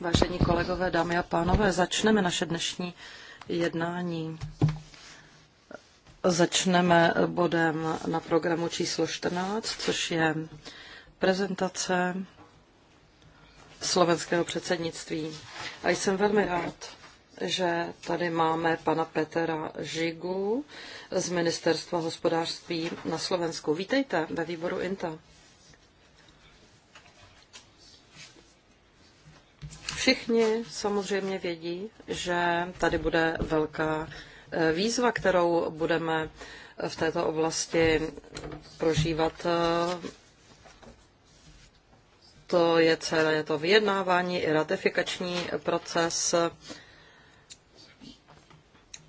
Vážení kolegové, dámy a pánové, začneme naše dnešní jednání. Začneme bodem na programu číslo 14, což je prezentace slovenského předsednictví. A jsem velmi rád, že tady máme pana Petra Žigu z Ministerstva hospodářství na Slovensku. Vítejte ve výboru INTA. Všichni samozřejmě vědí, že tady bude velká eh, výzva, kterou budeme eh, v této oblasti prožívat. Eh, to je celé to vyjednávání i ratifikační proces.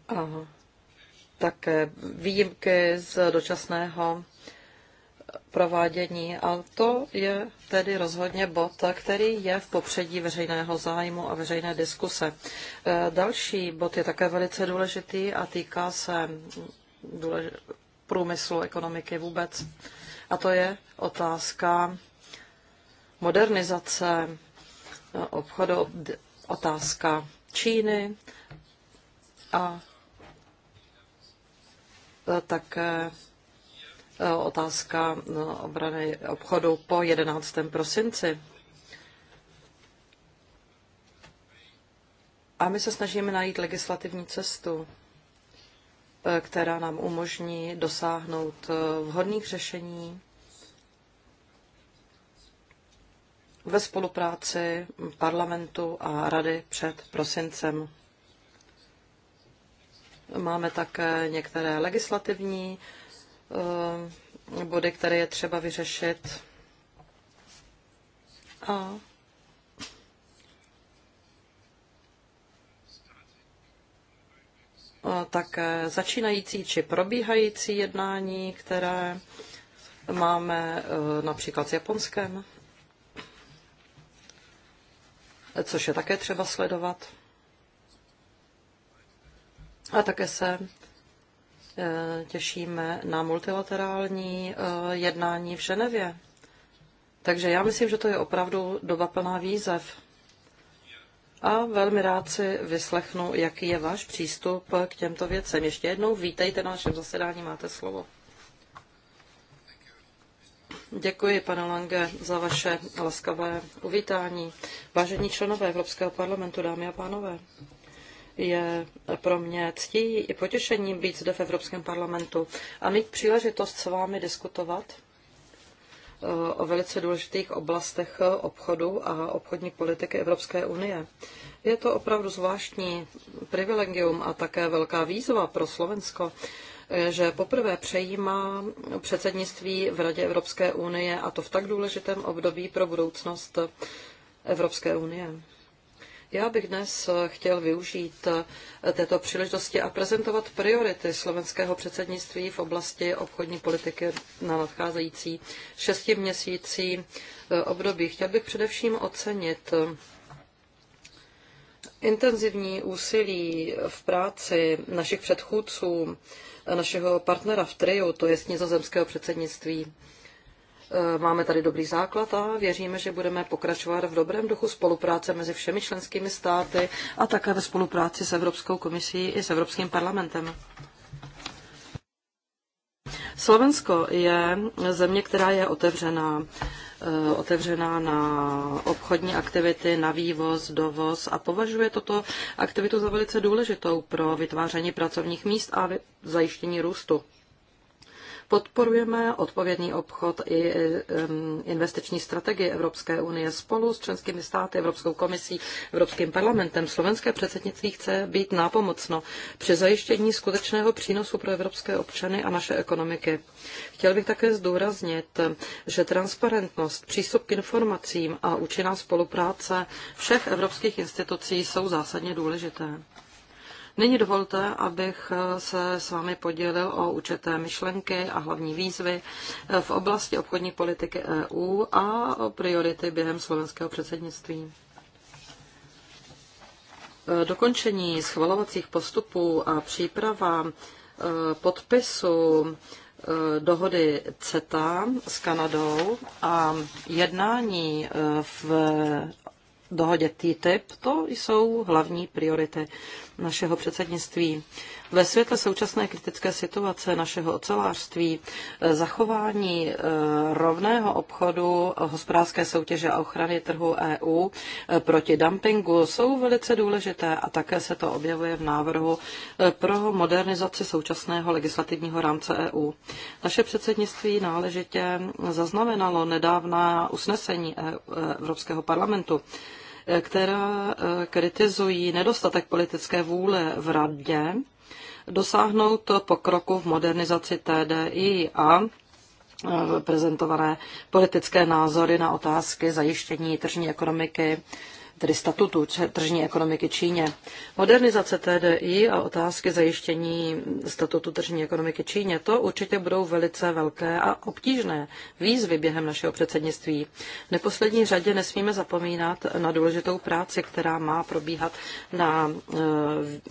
Aha. Také výjimky z dočasného provádění. A to je tedy rozhodně bod, který je v popředí veřejného zájmu a veřejné diskuse. E, další bod je také velice důležitý a týká se průmyslu, ekonomiky vůbec. A to je otázka modernizace e, obchodu, otázka Číny a e, také Eh, otázka no, obrany obchodu po 11. prosinci. A my se snažíme najít legislativní cestu, eh, která nám umožní dosáhnout eh, vhodných řešení ve spolupráci parlamentu a rady před prosincem. Máme také některé legislativní Eh, body, které je třeba vyřešit. A tak eh, začínající či probíhající jednání, které máme eh, například s Japonskem, což je také třeba sledovat. A také se Eh, těšíme na multilaterální eh, jednání v Ženevě. Takže já myslím, že to je opravdu doba plná výzev. A velmi rád si vyslechnu, jaký je váš přístup k těmto věcem. Ještě jednou vítejte na našem zasedání, máte slovo. Děkuji, pane Lange, za vaše laskavé uvítání. Vážení členové Evropského parlamentu, dámy a pánové. Je pro mě ctí i potěšením být zde v Evropském parlamentu a mít příležitost s vámi diskutovat eh, o velice důležitých oblastech obchodu a obchodní politiky Evropské unie. Je to opravdu zvláštní privilegium a také velká výzva pro Slovensko, eh, že poprvé přejímá předsednictví v Radě Evropské unie a to v tak důležitém období pro budoucnost Evropské unie. Já bych dnes eh, chtěl využít eh, této příležitosti a prezentovat priority slovenského předsednictví v oblasti obchodní politiky na nadcházející šesti eh, období. Chtěl bych především ocenit intenzivní úsilí v práci našich předchůdců, našeho partnera v triu, to je nizozemského předsednictví Eh, máme tady dobrý základ a věříme, že budeme pokračovat v dobrém duchu spolupráce mezi všemi členskými státy a také ve spolupráci s Evropskou komisí i s Evropským parlamentem. Slovensko je země, která je otevřená eh, otevřená na obchodní aktivity, na vývoz, dovoz a považuje toto aktivitu za velice důležitou pro vytváření pracovních míst a zajištění růstu. Podporujeme odpovědný obchod i investiční strategii Evropské unie spolu s členskými státy, Evropskou komisí, Evropským parlamentem. Slovenské předsednictví chce být nápomocno při zajištění skutečného přínosu pro evropské občany a naše ekonomiky. Chtěl bych také zdůraznit, že transparentnost, přístup k informacím a účinná spolupráce všech evropských institucí jsou zásadně důležité. Nyní dovolte, abych eh, se s vámi podělil o určité myšlenky a hlavní výzvy eh, v oblasti obchodní politiky EU a o priority během slovenského předsednictví. Eh, dokončení schvalovacích postupů a příprava podpisu dohody CETA s Kanadou a jednání v dohodě TTIP, to jsou hlavní priority našeho předsednictví. Ve světle současné kritické situace našeho ocelářství, eh, zachování eh, rovného obchodu, hospodářské soutěže a ochrany trhu EU eh, proti dumpingu jsou velice důležité a také se to objevuje v návrhu pro modernizaci současného legislativního rámce EU. Naše předsednictví náležitě zaznamenalo nedávná usnesení e Evropského parlamentu která eh, kritizují nedostatek politické vůle v radě dosáhnout pokroku v modernizaci TDI a eh, prezentované politické názory na otázky zajištění tržní ekonomiky tedy statutu tržní ekonomiky Číně. Modernizace TDI a otázky zajištění statutu tržní ekonomiky Číně, to určitě budou velice velké a obtížné výzvy během našeho předsednictví. V neposlední řadě nesmíme zapomínat na důležitou práci, která má probíhat na eh,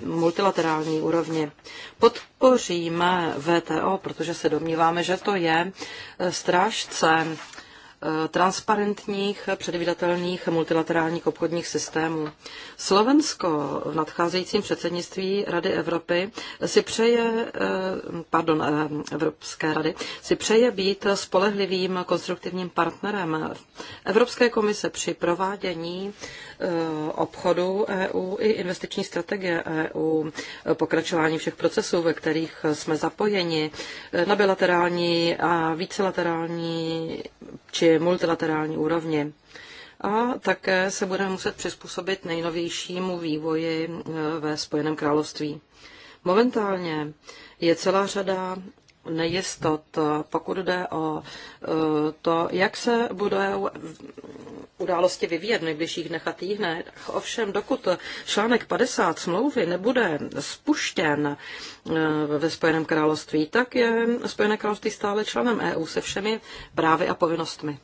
multilaterální úrovni. Podpoříme VTO, protože se domníváme, že to je eh, strážce transparentních, předvídatelných multilaterálních obchodních systémů. Slovensko v nadcházejícím předsednictví Rady Evropy si přeje, eh, pardon, eh, Evropské rady, si přeje být spolehlivým konstruktivním partnerem Evropské komise při provádění eh, obchodu EU i investiční strategie EU, pokračování všech procesů, ve kterých jsme zapojeni na bilaterální a vícelaterální či při multilaterální úrovni. A také se budeme muset přizpůsobit nejnovějšímu vývoji eh, ve Spojeném království. Momentálně je celá řada nejistot, pokud jde o eh, to, jak se bude události vyvíjet v nejbližších dnech a týdnech. Ovšem, dokud článek 50 smlouvy nebude spuštěn eh, ve Spojeném království, tak je Spojené království stále členem EU se všemi právy a povinnostmi.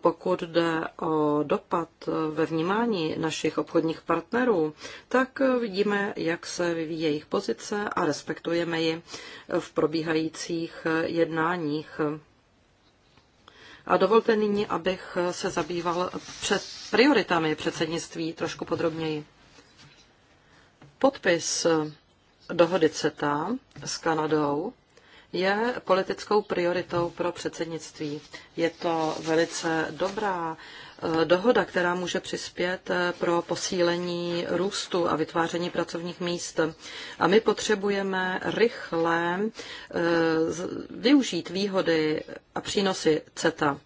Pokud jde o dopad ve vnímání našich obchodních partnerů, tak vidíme, jak se vyvíjí jejich pozice a respektujeme ji v probíhajících jednáních. A dovolte nyní, abych se zabýval před prioritami předsednictví trošku podrobněji. Podpis dohody CETA s Kanadou je politickou prioritou pro předsednictví. Je to velice dobrá eh, dohoda, která může přispět eh, pro posílení růstu a vytváření pracovních míst. A my potřebujeme rychle eh, využít výhody a přínosy CETA.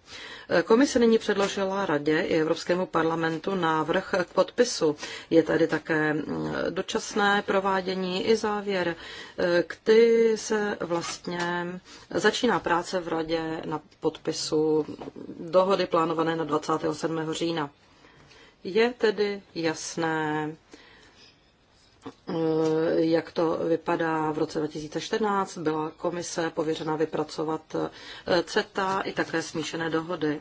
Komise nyní předložila Radě i Evropskému parlamentu návrh k podpisu. Je tady také mm, dočasné provádění i závěr, eh, kdy se vlastně začíná práce v Radě na podpisu dohody plánované na 27. října. Je tedy jasné, Eh, jak to vypadá v roce 2014. Byla komise pověřena vypracovat eh, CETA i také smíšené dohody.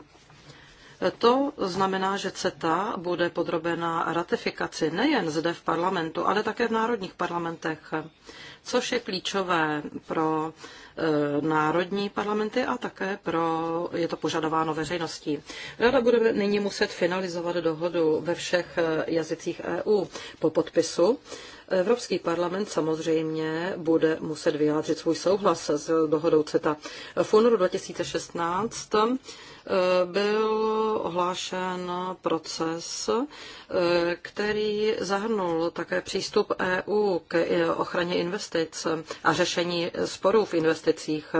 Eh, to znamená, že CETA bude podrobena ratifikaci nejen zde v parlamentu, ale také v národních parlamentech, což je klíčové pro národní parlamenty a také pro, je to požadováno veřejností. Rada bude nyní muset finalizovat dohodu ve všech jazycích EU po podpisu Evropský parlament samozřejmě bude muset vyjádřit svůj souhlas s dohodou CETA. V únoru 2016 eh, byl ohlášen proces, eh, který zahrnul také přístup EU k eh, ochraně investic a řešení sporů v investicích.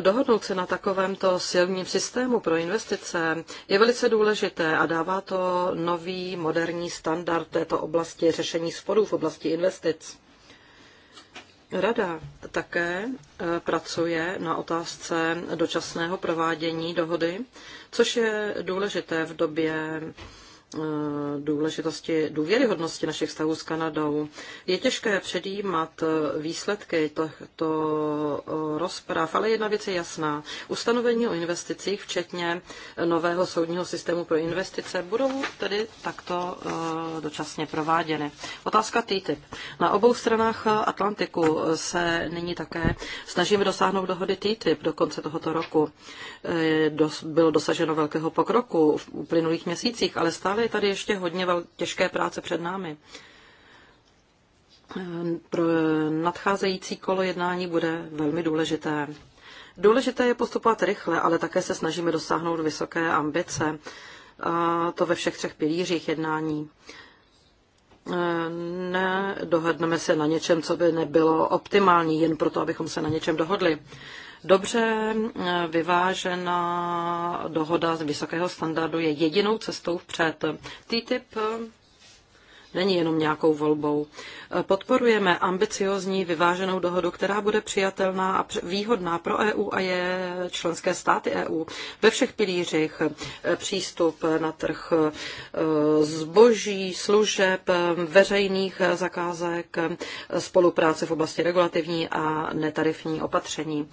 Dohodnout se na takovémto silním systému pro investice je velice důležité a dává to nový moderní standard této oblasti řešení sporů v oblasti investic. Rada také e, pracuje na otázce dočasného provádění dohody, což je důležité v době Eh, důležitosti důvěryhodnosti našich vztahů s Kanadou. Je těžké předjímat eh, výsledky tohoto eh, rozpráv, ale jedna věc je jasná. Ustanovení o investicích, včetně nového soudního systému pro investice, budou tedy takto dočasně prováděny. Otázka TTIP. Na obou stranách Atlantiku se nyní také snažíme dosáhnout dohody TTIP do konce tohoto roku. Bylo dosaženo velkého pokroku v uplynulých měsících, ale stále ale je tady ještě hodně těžké práce před námi. Pro nadcházející kolo jednání bude velmi důležité. Důležité je postupovat rychle, ale také se snažíme dosáhnout vysoké ambice, a to ve všech třech pilířích jednání. Ne dohodneme se na něčem, co by nebylo optimální, jen proto, abychom se na něčem dohodli. Dobře eh, vyvážená dohoda z vysokého standardu je jedinou cestou vpřed. TTIP eh, není jenom nějakou volbou. Eh, podporujeme ambiciozní vyváženou dohodu, která bude přijatelná a výhodná pro EU a je členské státy EU ve všech pilířích eh, přístup na trh eh, zboží, služeb, veřejných zakázek, spolupráce v oblasti regulativní a netarifní opatření.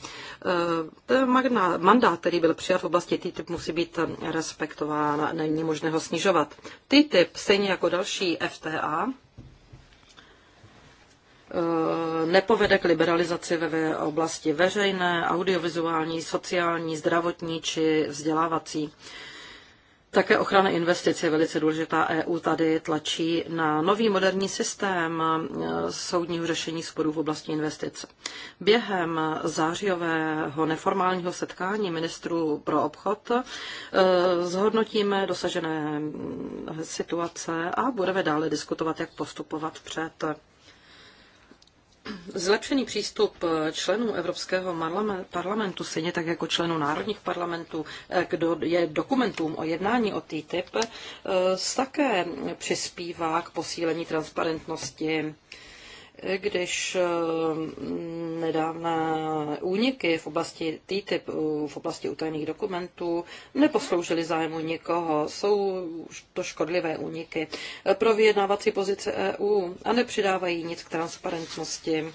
Mandát, který byl přijat v oblasti TTIP, musí být respektován, není možné ho snižovat. TTIP, stejně jako další FTA, FTA eh, nepovede k liberalizaci ve oblasti veřejné, audiovizuální, sociální, zdravotní či vzdělávací. Také ochrana investic je velice důležitá. EU tady tlačí na nový moderní systém e, soudního řešení sporů v oblasti investic. Během zářijového neformálního setkání ministrů pro obchod e, zhodnotíme dosažené situace a budeme dále diskutovat, jak postupovat před Zlepšený přístup eh, členů Evropského parlamentu, stejně tak jako členů národních parlamentů, eh, k do, je dokumentům o jednání o TTIP, eh, také přispívá k posílení transparentnosti když eh, nedávné úniky v oblasti TTIP, eh, v oblasti utajených dokumentů neposloužily zájmu nikoho. Jsou to škodlivé úniky pro vyjednávací pozice EU a nepřidávají nic k transparentnosti.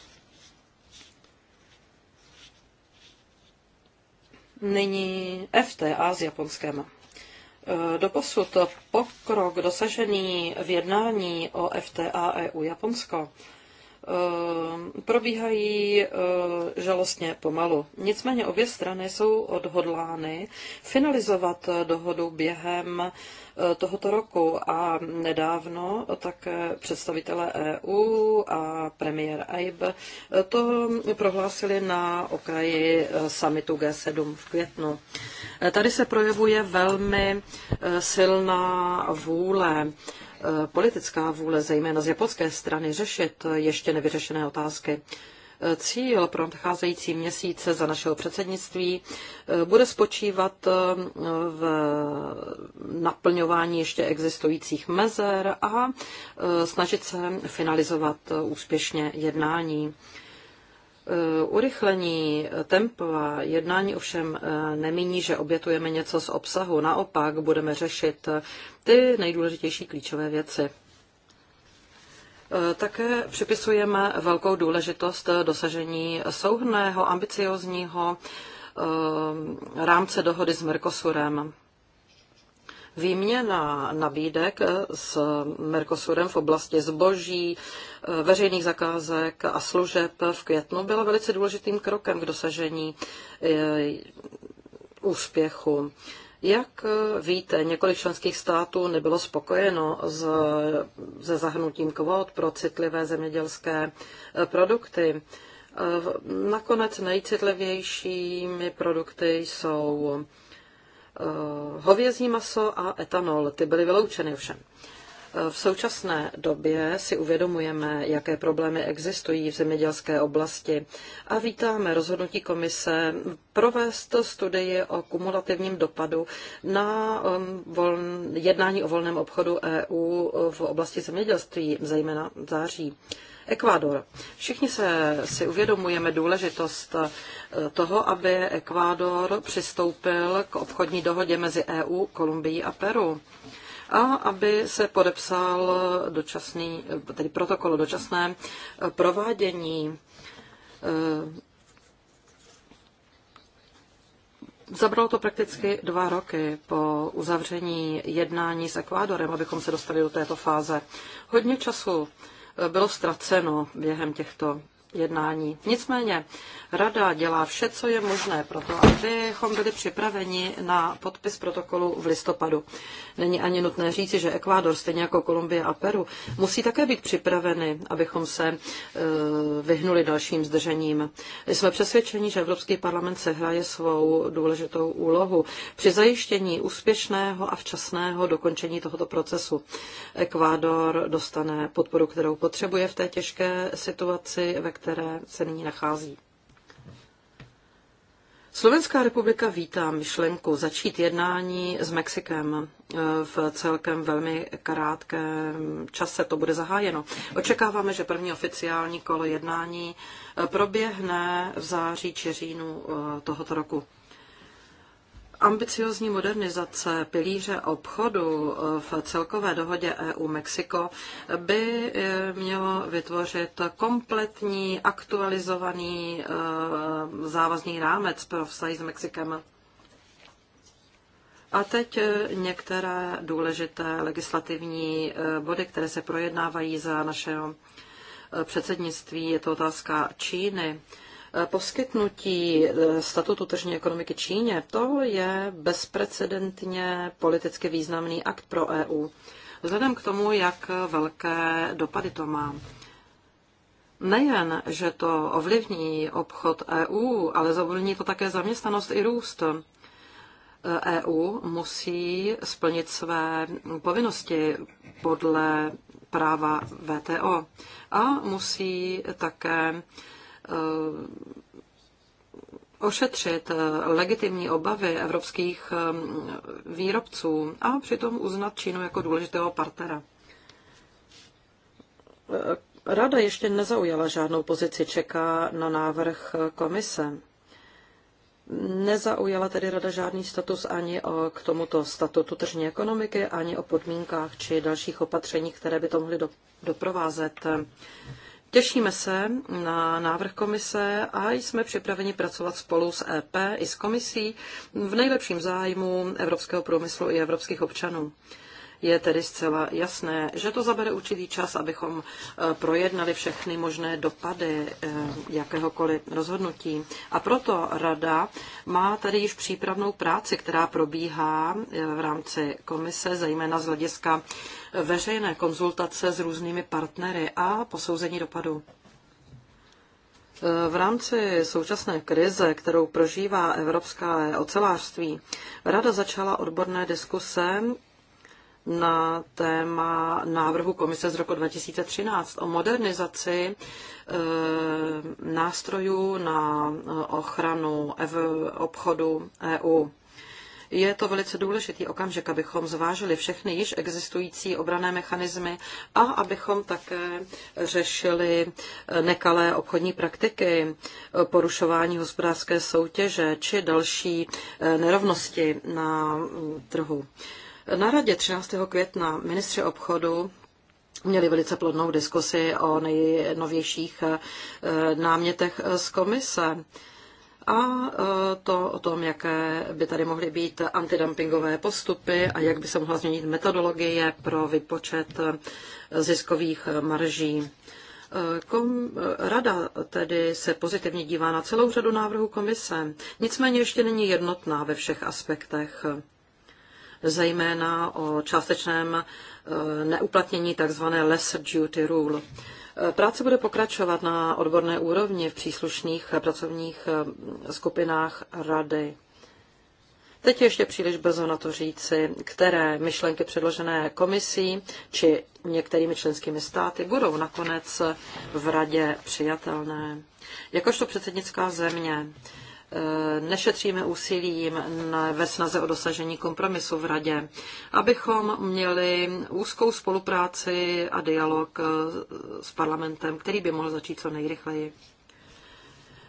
Nyní FTA s Japonskem. Eh, doposud pokrok dosažený v jednání o FTA EU Japonsko Eh, probíhají eh, žalostně pomalu. Nicméně obě strany jsou odhodlány finalizovat eh, dohodu během tohoto roku a nedávno tak představitelé EU a premiér AIB to prohlásili na okraji summitu G7 v květnu. Tady se projevuje velmi silná vůle Eh, politická vůle, zejména z japonské strany, řešit ještě nevyřešené otázky. Eh, cíl pro nadcházející měsíce za našeho předsednictví eh, bude spočívat v naplňování ještě existujících mezer a snažit se finalizovat úspěšně jednání. Eh, urychlení tempa jednání ovšem eh, nemíní, že obětujeme něco z obsahu. Naopak budeme řešit eh, ty nejdůležitější klíčové věci. Také připisujeme velkou důležitost dosažení souhrného, ambiciozního rámce dohody s Mercosurem výměna nabídek s Mercosurem v oblasti zboží, eh, veřejných zakázek a služeb v květnu byla velice důležitým krokem k dosažení eh, úspěchu. Jak eh, víte, několik členských států nebylo spokojeno s, se zahrnutím kvót pro citlivé zemědělské produkty. Nakonec nejcitlivějšími produkty jsou Eh, hovězí maso a etanol. Ty byly vyloučeny ovšem. Eh, v současné době si uvědomujeme, jaké problémy existují v zemědělské oblasti a vítáme rozhodnutí komise provést studii o kumulativním dopadu na jednání o volném obchodu EU v oblasti zemědělství, zejména v září. Ekvádor. Všichni se, si uvědomujeme důležitost eh, toho, aby Ekvádor přistoupil k obchodní dohodě mezi EU, Kolumbií a Peru a aby se podepsal dočasný, tedy protokol dočasné eh, provádění eh, Zabralo to prakticky dva roky po uzavření jednání s Ekvádorem, abychom se dostali do této fáze. Hodně času bylo ztraceno během těchto jednání. Nicméně Rada dělá vše, co je možné pro to, abychom byli připraveni na podpis protokolu v listopadu. Není ani nutné říci, že Ekvádor, stejně jako Kolumbie a Peru, musí také být připraveni, abychom se e, vyhnuli dalším zdržením. Jsme přesvědčeni, že Evropský parlament sehraje svou důležitou úlohu při zajištění úspěšného a včasného dokončení tohoto procesu. Ekvádor dostane podporu, kterou potřebuje v té těžké situaci, ve které se nyní nachází. Slovenská republika vítá myšlenku začít jednání s Mexikem eh, v celkem velmi krátkém čase. To bude zahájeno. Očekáváme, že první oficiální kolo jednání eh, proběhne v září či říjnu eh, tohoto roku. Ambiciozní modernizace pilíře obchodu eh, v celkové dohodě EU-Mexiko by eh, mělo vytvořit kompletní, aktualizovaný eh, závazný rámec pro vztahy s Mexikem. A teď některé důležité legislativní body, které se projednávají za našeho předsednictví. Je to otázka Číny Eh, poskytnutí eh, statutu tržní ekonomiky Číně, to je bezprecedentně politicky významný akt pro EU. Vzhledem k tomu, jak velké dopady to má. Nejen, že to ovlivní obchod EU, ale zavolní to také zaměstnanost i růst. EU eh, e musí splnit své povinnosti podle práva VTO a musí také Eh, ošetřit legitimní obavy evropských eh, výrobců a přitom uznat Čínu jako důležitého partnera. Eh, rada ještě nezaujala žádnou pozici, čeká na návrh komise. Nezaujala tedy rada žádný status ani o, k tomuto statutu tržní ekonomiky, ani o podmínkách či dalších opatřeních, které by to mohly do, doprovázet. Těšíme se na návrh komise a jsme připraveni pracovat spolu s EP i s komisí v nejlepším zájmu evropského průmyslu i evropských občanů. Je tedy zcela jasné, že to zabere určitý čas, abychom e, projednali všechny možné dopady e, jakéhokoliv rozhodnutí. A proto Rada má tady již přípravnou práci, která probíhá e, v rámci komise, zejména z hlediska veřejné konzultace s různými partnery a posouzení dopadu. V rámci současné krize, kterou prožívá evropská ocelářství, Rada začala odborné diskuse na téma návrhu komise z roku 2013 o modernizaci eh, nástrojů na eh, ochranu obchodu EU je to velice důležitý okamžik, abychom zvážili všechny již existující obrané mechanismy a abychom také řešili eh, nekalé obchodní praktiky, porušování hospodářské soutěže či další eh, nerovnosti na mm, trhu. Na radě 13. května ministři obchodu měli velice plodnou diskusi o nejnovějších eh, námětech z komise a e, to o tom, jaké by tady mohly být antidumpingové postupy a jak by se mohla změnit metodologie pro vypočet e, ziskových e, marží. Kom, rada tedy se pozitivně dívá na celou řadu návrhů komise, nicméně ještě není jednotná ve všech aspektech, zejména o částečném neuplatnění tzv. lesser duty rule. Eh, práce bude pokračovat na odborné úrovni v příslušných eh, pracovních eh, skupinách rady. Teď ještě příliš brzo na to říci, které myšlenky předložené komisí či některými členskými státy budou nakonec v radě přijatelné. Jakožto předsednická země nešetříme úsilím ve snaze o dosažení kompromisu v Radě, abychom měli úzkou spolupráci a dialog eh, s parlamentem, který by mohl začít co nejrychleji.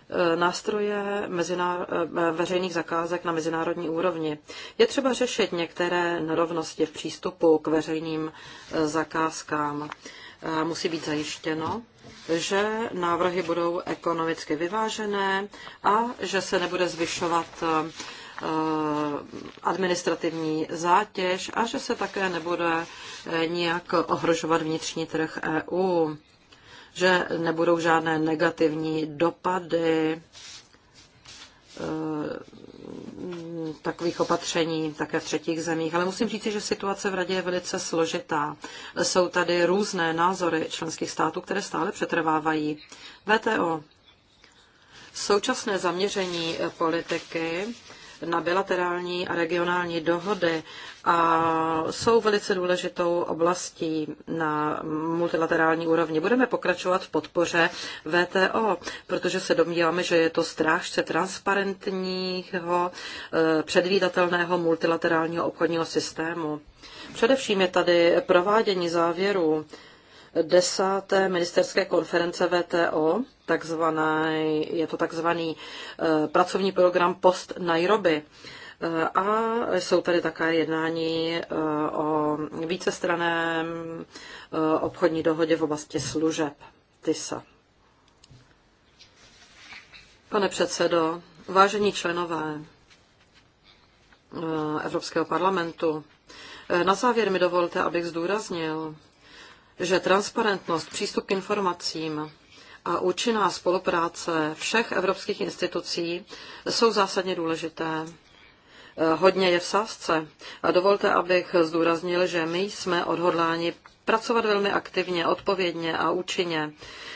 Eh, nástroje eh, veřejných zakázek na mezinárodní úrovni. Je třeba řešit některé nerovnosti v přístupu k veřejným zakázkám musí být zajištěno, že návrhy budou ekonomicky vyvážené a že se nebude zvyšovat eh, administrativní zátěž a že se také nebude eh, nijak ohrožovat vnitřní trh EU, že nebudou žádné negativní dopady Eh, takových opatření také v třetích zemích. Ale musím říct, že situace v Radě je velice složitá. Jsou tady různé názory členských států, které stále přetrvávají. VTO. Současné zaměření politiky na bilaterální a regionální dohody a jsou velice důležitou oblastí na multilaterální úrovni. Budeme pokračovat v podpoře VTO, protože se domníváme, že je to strážce transparentního, eh, předvídatelného multilaterálního obchodního systému. Především je tady provádění závěrů desáté ministerské konference VTO, takzvaný, je to takzvaný eh, pracovní program Post Nairobi. Eh, a jsou tady také jednání eh, o vícestraném obchodní dohodě v oblasti služeb TISA. Pane předsedo, vážení členové Evropského parlamentu, na závěr mi dovolte, abych zdůraznil, že transparentnost, přístup k informacím a účinná spolupráce všech evropských institucí jsou zásadně důležité. Eh, hodně je v sázce a dovolte, abych zdůraznil, že my jsme odhodláni pracovat velmi aktivně, odpovědně a účinně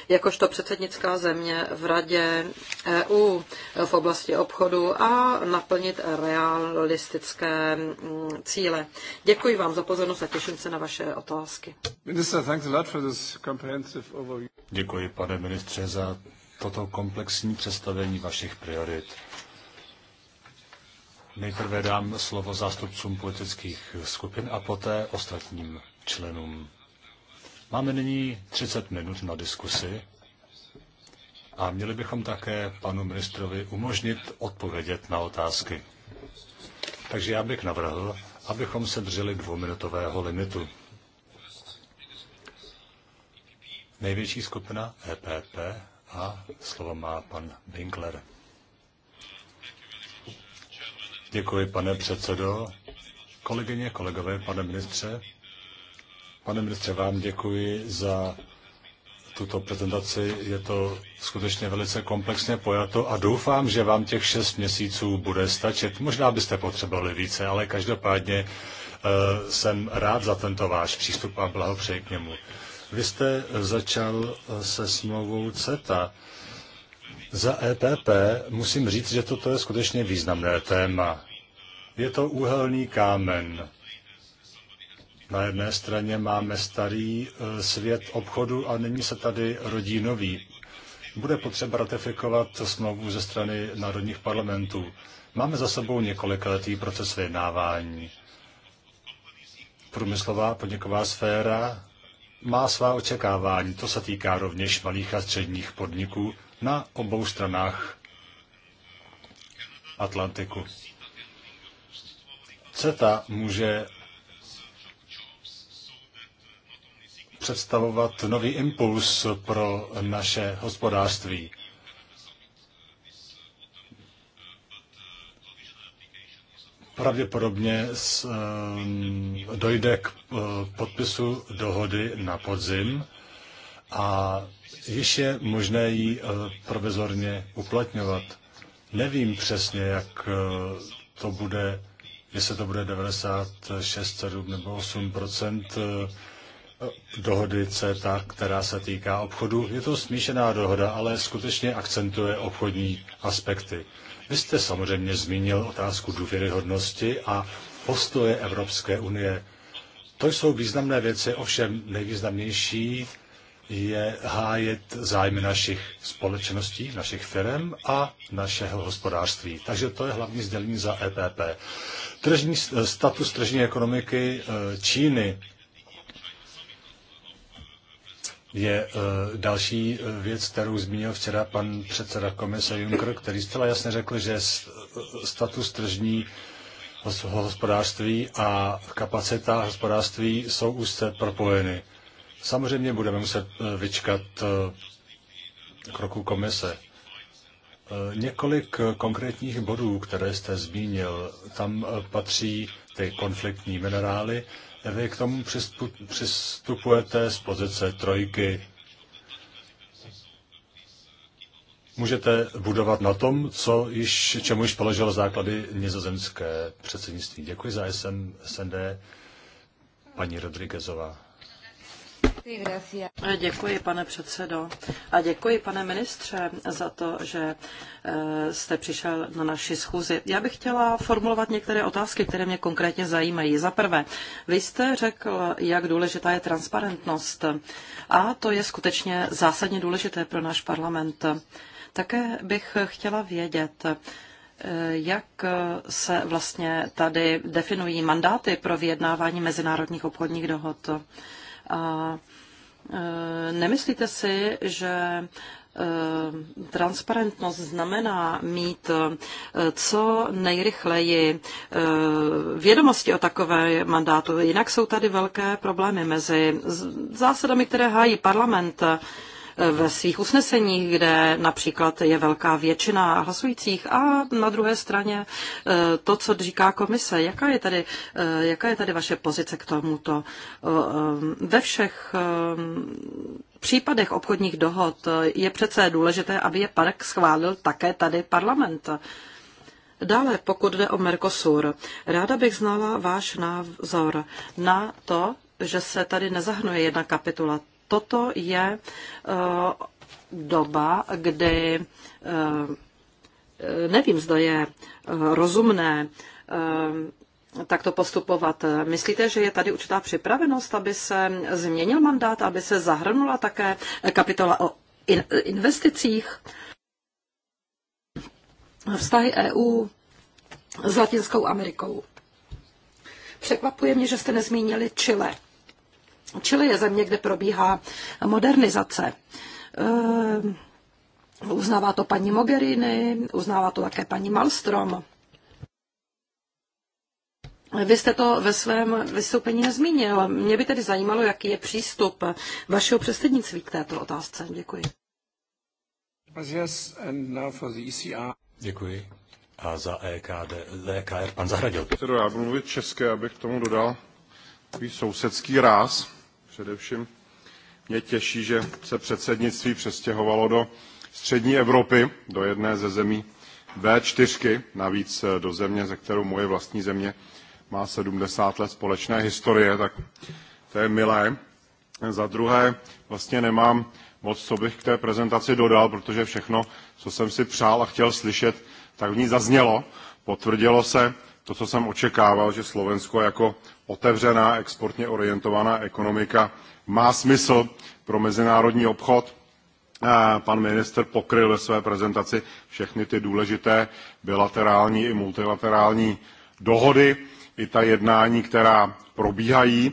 jakožto předsednická země v Radě EU v oblasti obchodu a naplnit realistické mm, cíle. Děkuji vám za pozornost a těším se na vaše otázky. Děkuji, pane ministře, za toto komplexní představení vašich priorit. Nejprve dám slovo zástupcům politických skupin a poté ostatním členům. Máme nyní 30 minut na diskusi a měli bychom také panu ministrovi umožnit odpovědět na otázky. Takže já bych navrhl, abychom se drželi dvouminutového limitu. Největší skupina EPP a slovo má pan Winkler. Děkuji, pane předsedo. Kolegyně, kolegové, pane ministře, Pane ministře, vám děkuji za tuto prezentaci. Je to skutečně velice komplexně pojato a doufám, že vám těch šest měsíců bude stačit. Možná byste potřebovali více, ale každopádně uh, jsem rád za tento váš přístup a blahopřeji k němu. Vy jste začal se smlouvou CETA. Za EPP musím říct, že toto je skutečně významné téma. Je to úhelný kámen na jedné straně máme starý e, svět obchodu a nyní se tady rodí nový. Bude potřeba ratifikovat smlouvu ze strany národních parlamentů. Máme za sebou několikletý proces vyjednávání. Průmyslová podniková sféra má svá očekávání. To se týká rovněž malých a středních podniků na obou stranách Atlantiku. CETA může představovat nový impuls pro naše hospodářství. Pravděpodobně eh, dojde k eh, podpisu dohody na podzim a již je možné ji eh, provizorně uplatňovat. Nevím přesně, jak to bude, jestli to bude 96, 7 nebo 8 dohody CETA, která se týká obchodu. Je to smíšená dohoda, ale skutečně akcentuje obchodní aspekty. Vy jste samozřejmě zmínil otázku důvěryhodnosti a postoje Evropské unie. To jsou významné věci, ovšem nejvýznamnější je hájet zájmy našich společností, našich firm a našeho hospodářství. Takže to je hlavní sdělení za EPP. Tržní, status tržní ekonomiky e, Číny je eh, další eh, věc, kterou zmínil včera pan předseda komise Juncker, který zcela jasně řekl, že eh, status tržní hospodářství a kapacita hospodářství jsou úzce propojeny. Samozřejmě budeme muset vyčkat kroku komise. Několik konkrétních bodů, které jste zmínil, tam patří ty konfliktní minerály, vy k tomu přistupujete z pozice trojky. Můžete budovat na tom, co již, čemu již položilo základy nizozemské předsednictví. Děkuji za SM, SND, paní Rodriguezová. Děkuji, pane předsedo. A děkuji, pane ministře, za to, že eh, jste přišel na naši schůzi. Já bych chtěla formulovat některé otázky, které mě konkrétně zajímají. Za prvé, vy jste řekl, jak důležitá je transparentnost. A to je skutečně zásadně důležité pro náš parlament. Také bych chtěla vědět, eh, jak se vlastně tady definují mandáty pro vyjednávání mezinárodních obchodních dohod. A e, nemyslíte si, že e, transparentnost znamená mít e, co nejrychleji vědomosti o takové mandátu. Jinak jsou tady velké problémy mezi zásadami, které hájí parlament ve svých usneseních, kde například je velká většina hlasujících a na druhé straně eh, to, co říká komise. Jaká je tady, eh, jaká je tady vaše pozice k tomuto? Eh, ve všech případech obchodních dohod je přece důležité, aby je park schválil také tady parlament. Dále, pokud jde o Mercosur, ráda bych znala váš názor na to, že se tady nezahnuje jedna kapitula toto je eh, doba, kdy eh, nevím, zda je eh, rozumné takto postupovat. Myslíte, že je tady určitá připravenost, aby se změnil mandát, aby se zahrnula také kapitola o investicích? Vztahy EU s Latinskou Amerikou. Překvapuje mě, že jste nezmínili Chile. Čili je země, kde probíhá modernizace. Eh, uznává to paní Mogherini, uznává to také paní Malstrom. Vy jste to ve svém vystoupení nezmínil. Mě by tedy zajímalo, jaký je přístup vašeho předsednictví k této otázce. Děkuji. E Děkuji. A za EKD, EKR pan Zahradil. Já budu mluvit české, abych tomu dodal takový sousedský ráz především. Mě těší, že se předsednictví přestěhovalo do střední Evropy, do jedné ze zemí V4, navíc eh, do země, ze kterou moje vlastní země má 70 let společné historie, tak to je milé. Za druhé, vlastně nemám moc, co bych k té prezentaci dodal, protože všechno, co jsem si přál a chtěl slyšet, tak v ní zaznělo. Potvrdilo se to, co jsem očekával, že Slovensko jako otevřená exportně orientovaná ekonomika má smysl pro mezinárodní obchod. Pan minister pokryl ve své prezentaci všechny ty důležité bilaterální i multilaterální dohody, i ta jednání, která probíhají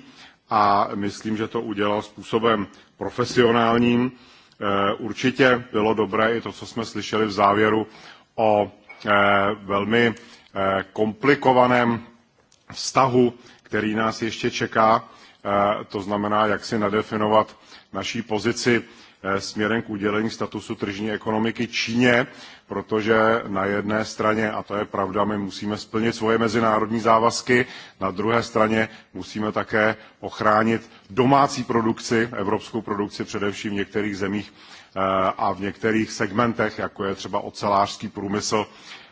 a myslím, že to udělal způsobem profesionálním. E, určitě bylo dobré i to, co jsme slyšeli v závěru o e, velmi Eh, komplikovaném vztahu, který nás ještě čeká. Eh, to znamená, jak si nadefinovat naší pozici eh, směrem k udělení statusu tržní ekonomiky Číně, protože na jedné straně, a to je pravda, my musíme splnit svoje mezinárodní závazky, na druhé straně musíme také ochránit domácí produkci, evropskou produkci především v některých zemích a v některých segmentech, jako je třeba ocelářský průmysl,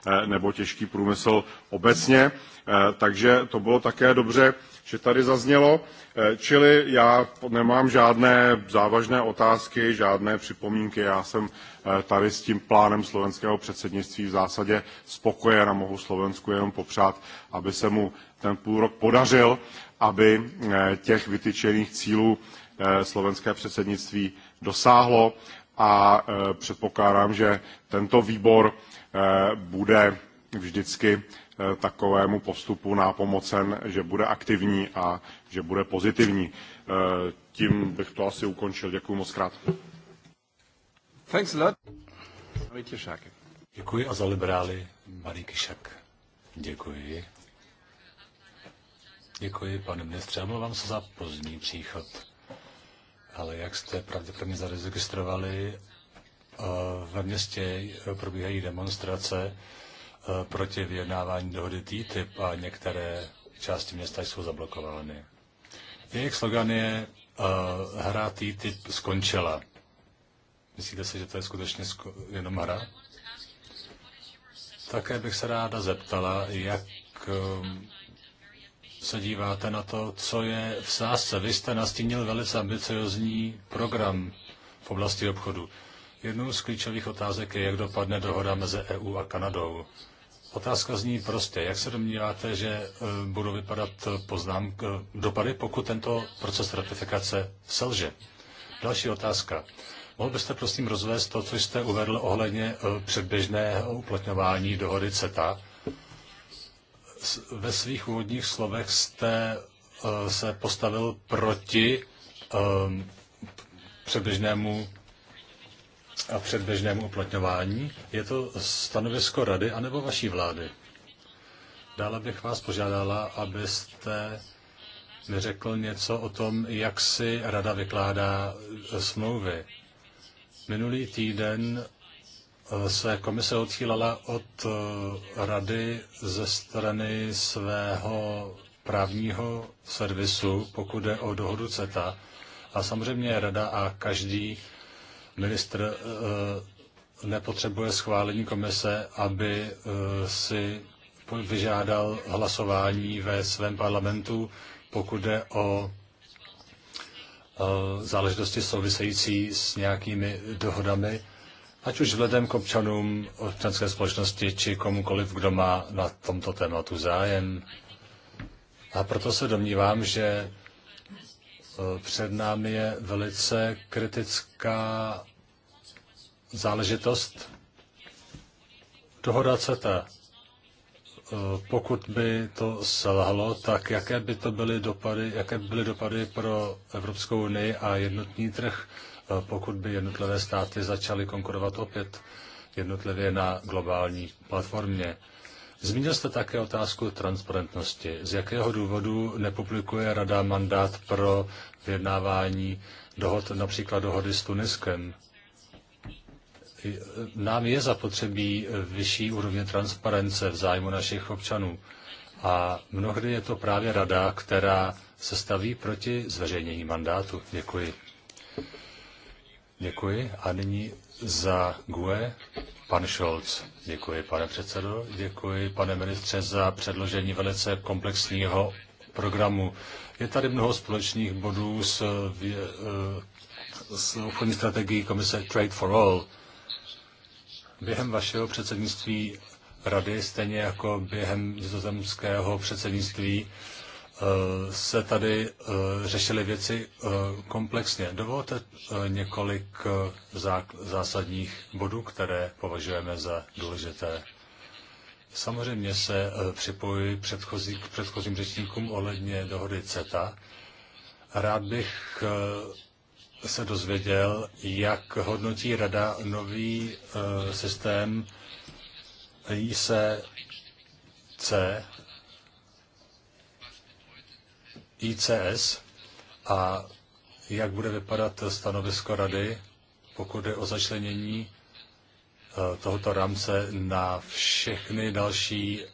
Eh, nebo těžký průmysl obecně. Eh, takže to bylo také dobře, že tady zaznělo. Eh, čili já nemám žádné závažné otázky, žádné připomínky. Já jsem tady s tím plánem slovenského předsednictví v zásadě spokojen a mohu Slovensku jenom popřát, aby se mu ten půlrok podařil, aby těch vytyčených cílů slovenské předsednictví dosáhlo a předpokládám, že tento výbor Eh, bude vždycky eh, takovému postupu nápomocen, že bude aktivní a že bude pozitivní. Eh, tím bych to asi ukončil. Děkuji moc krát. Thanks a lot. Děkuji a za liberály Marie Kišak. Děkuji. Děkuji, pane ministře. Omlouvám se za pozdní příchod. Ale jak jste pravděpodobně zaregistrovali, ve městě eh, probíhají demonstrace eh, proti vyjednávání dohody TTIP a některé části města jsou zablokovány. Jejich slogan je eh, hra TTIP skončila. Myslíte si, že to je skutečně jenom hra? Také bych se ráda zeptala, jak ehm, se díváte na to, co je v sázce. Vy jste nastínil velice ambiciozní program v oblasti obchodu. Jednou z klíčových otázek je, jak dopadne dohoda mezi EU a Kanadou. Otázka zní prostě, jak se domníváte, že e, budou vypadat poznámky, dopady, pokud tento proces ratifikace selže? Další otázka. Mohl byste prosím rozvést to, co jste uvedl ohledně e, předběžného uplatňování dohody CETA? Ve svých úvodních slovech jste e, se postavil proti předběžnému a předběžnému uplatňování? Je to stanovisko rady anebo vaší vlády? Dále bych vás požádala, abyste mi řekl něco o tom, jak si rada vykládá eh, smlouvy. Minulý týden eh, se komise odchýlala od eh, rady ze strany svého právního servisu, pokud je o dohodu CETA. A samozřejmě rada a každý ministr eh, nepotřebuje schválení komise, aby eh, si vyžádal hlasování ve svém parlamentu, pokud jde o eh, záležitosti související s nějakými dohodami, ať už vzhledem k občanům občanské společnosti či komukoliv, kdo má na tomto tématu zájem. A proto se domnívám, že před námi je velice kritická záležitost. Dohoda CETA. Eh, pokud by to selhalo, tak jaké by to byly dopady, jaké by byly dopady pro Evropskou unii a jednotný trh, eh, pokud by jednotlivé státy začaly konkurovat opět jednotlivě na globální platformě. Zmínil jste také otázku transparentnosti. Z jakého důvodu nepublikuje Rada mandát pro vyjednávání dohod, například dohody s Tuniskem? E, nám je zapotřebí e, vyšší úrovně transparence v zájmu našich občanů. A mnohdy je to právě rada, která se staví proti zveřejnění mandátu. Děkuji. Děkuji. A nyní za GUE pan Scholz. Děkuji, pane předsedo. Děkuji, pane ministře, za předložení velice komplexního programu. Je tady mnoho společných bodů s, e, s obchodní strategií komise Trade for All během vašeho předsednictví rady, stejně jako během nizozemského předsednictví, eh, se tady eh, řešily věci eh, komplexně. Dovolte několik zásadních bodů, které považujeme za důležité. Samozřejmě se připojuji předchozí, k předchozím řečníkům ohledně dohody CETA. Rád bych se dozvěděl, jak hodnotí rada nový uh, systém ICC, ICS a jak bude vypadat stanovisko rady, pokud je o začlenění e, tohoto rámce na všechny další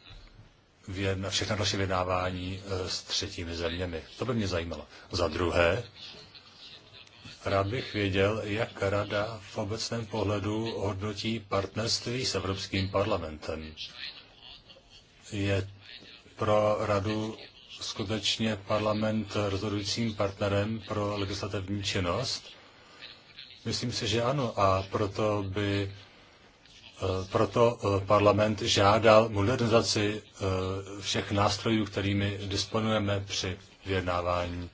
na všechna další vydávání e, s třetími zeměmi. To by mě zajímalo. Za druhé, Rád bych věděl, jak Rada v obecném pohledu hodnotí partnerství s Evropským parlamentem. Je pro Radu skutečně parlament rozhodujícím partnerem pro legislativní činnost? Myslím si, že ano a proto by eh, proto eh, parlament žádal modernizaci eh, všech nástrojů, kterými disponujeme při vyjednávání.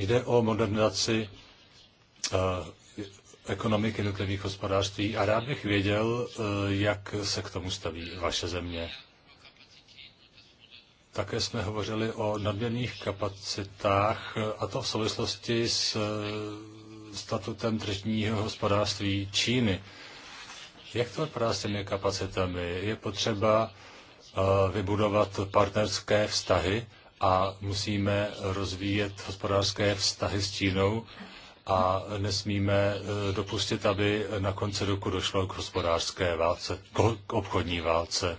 Jde o modernizaci eh, ekonomik jednotlivých hospodářství a rád bych věděl, eh, jak se k tomu staví vaše země. Také jsme hovořili o nadměrných kapacitách, a to v souvislosti s eh, statutem tržního hospodářství Číny. Jak to vypadá s těmi kapacitami? Je potřeba vybudovat partnerské vztahy a musíme rozvíjet hospodářské vztahy s Čínou a nesmíme eh, dopustit, aby na konci roku došlo k hospodářské válce, k obchodní válce.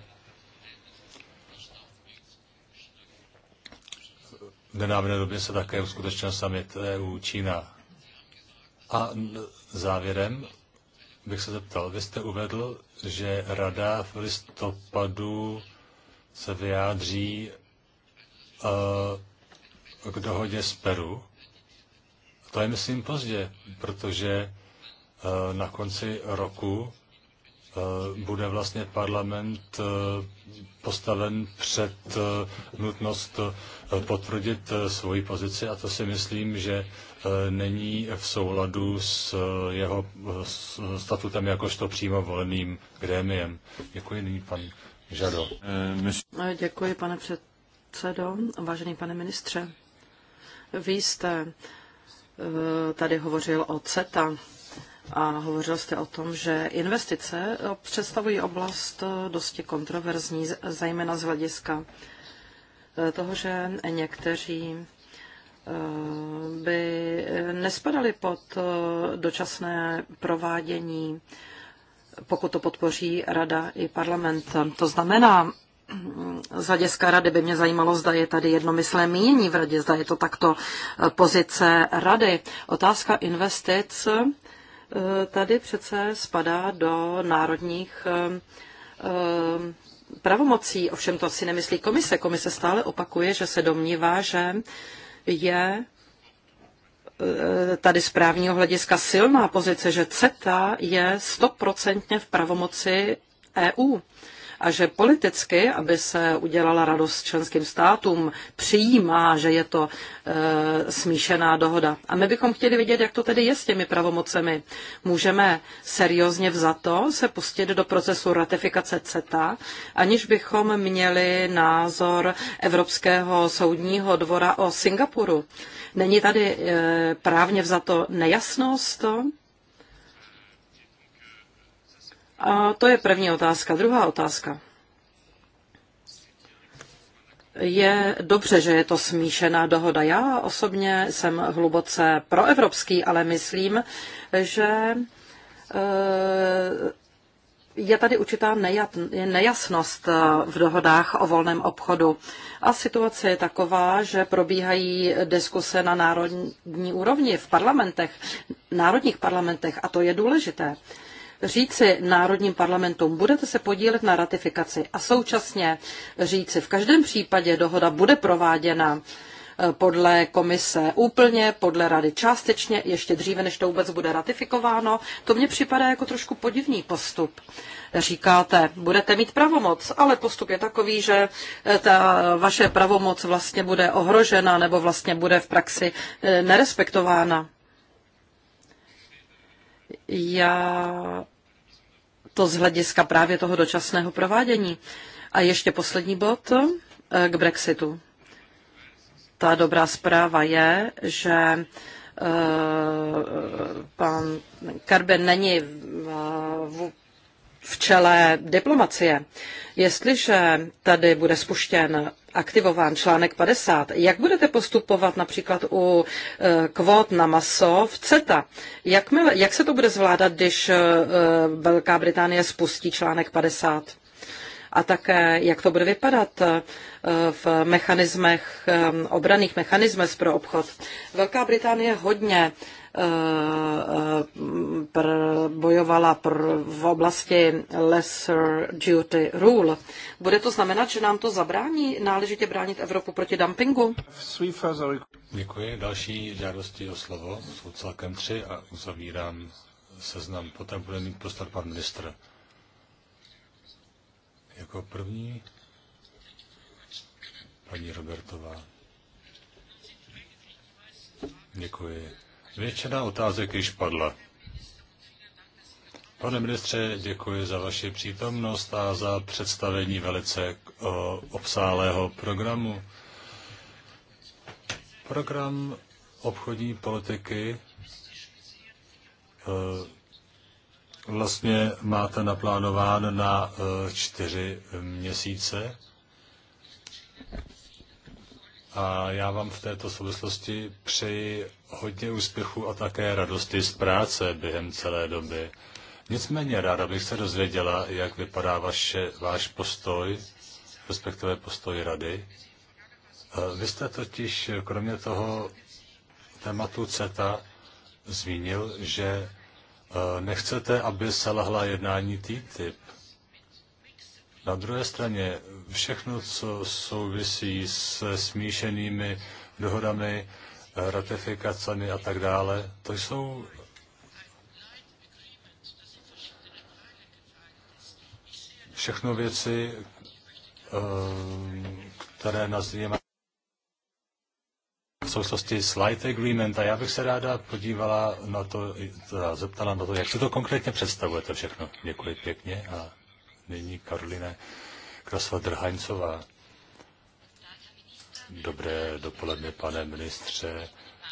V nedávné době se také uskutečnil summit EU-Čína. A závěrem bych se zeptal, vy jste uvedl, že rada v listopadu se vyjádří k dohodě z Peru. To je, myslím, pozdě, protože eh, na konci roku eh, bude vlastně parlament eh, postaven před nutnost potvrdit svoji pozici a to si myslím, že není v souladu s jeho statutem jakožto přímo voleným grémiem. Děkuji nyní pan Žado. Děkuji, pane před předsedo, vážený pane ministře. Vy jste eh, tady hovořil o CETA a hovořil jste o tom, že investice eh, představují oblast eh, dosti kontroverzní, zejména z hlediska toho, že někteří by nespadali pod dočasné provádění, pokud to podpoří Rada i parlament. To znamená, z hlediska rady by mě zajímalo, zda je tady jednomyslné mínění v radě, zda je to takto eh, pozice rady. Otázka investic eh, tady přece spadá do národních eh, pravomocí, ovšem to si nemyslí komise. Komise stále opakuje, že se domnívá, že je tady z právního hlediska silná pozice, že CETA je stoprocentně v pravomoci EU a že politicky, aby se udělala radost členským státům, přijímá, že je to e, smíšená dohoda. A my bychom chtěli vidět, jak to tedy je s těmi pravomocemi. Můžeme seriózně vzato se pustit do procesu ratifikace CETA, aniž bychom měli názor Evropského soudního dvora o Singapuru. Není tady e, právně vzato nejasnost? To? A to je první otázka. Druhá otázka. Je dobře, že je to smíšená dohoda. Já osobně jsem hluboce proevropský, ale myslím, že eh, je tady určitá nejasnost eh, v dohodách o volném obchodu. A situace je taková, že probíhají diskuse na národní úrovni v parlamentech, národních parlamentech a to je důležité říci národním parlamentům, budete se podílet na ratifikaci a současně říci, v každém případě dohoda bude prováděna eh, podle komise úplně, podle rady částečně, ještě dříve, než to vůbec bude ratifikováno. To mně připadá jako trošku podivný postup. Říkáte, budete mít pravomoc, ale postup je takový, že eh, ta vaše pravomoc vlastně bude ohrožena nebo vlastně bude v praxi eh, nerespektována. Já to z hlediska právě toho dočasného provádění. A ještě poslední bod eh, k Brexitu. Ta dobrá zpráva je, že eh, pan Karben není v čele diplomacie. Jestliže tady bude spuštěn aktivován článek 50. Jak budete postupovat například u eh, kvót na maso v CETA? Jak, jak se to bude zvládat, když eh, eh, Velká Británie spustí článek 50? A také, jak to bude vypadat v mechanismech, obraných mechanismech pro obchod. Velká Británie hodně Eh, eh, bojovala v oblasti lesser duty rule. Bude to znamenat, že nám to zabrání náležitě bránit Evropu proti dumpingu? Děkuji. Další žádosti o slovo jsou celkem tři a uzavírám seznam. Potom bude mít prostor pan ministr. Jako první paní Robertová. Děkuji. Většina otázek již padla. Pane ministře, děkuji za vaši přítomnost a za představení velice eh, obsáhlého programu. Program obchodní politiky eh, vlastně máte naplánován na eh, čtyři měsíce a já vám v této souvislosti přeji hodně úspěchu a také radosti z práce během celé doby. Nicméně ráda bych se dozvěděla, jak vypadá vaše, váš postoj, respektive postoj rady. E, vy jste totiž kromě toho tématu CETA zmínil, že e, nechcete, aby selhla jednání TTIP. Na druhé straně všechno, co souvisí s smíšenými dohodami, ratifikacemi a tak dále, to jsou všechno věci, eh, které nazýváme v souvislosti s Light Agreement a já bych se ráda podívala na to, zeptala na to, jak si to konkrétně představujete všechno. Děkuji pěkně a nyní Karoline. Rebeka Dobré dopoledne, pane ministře.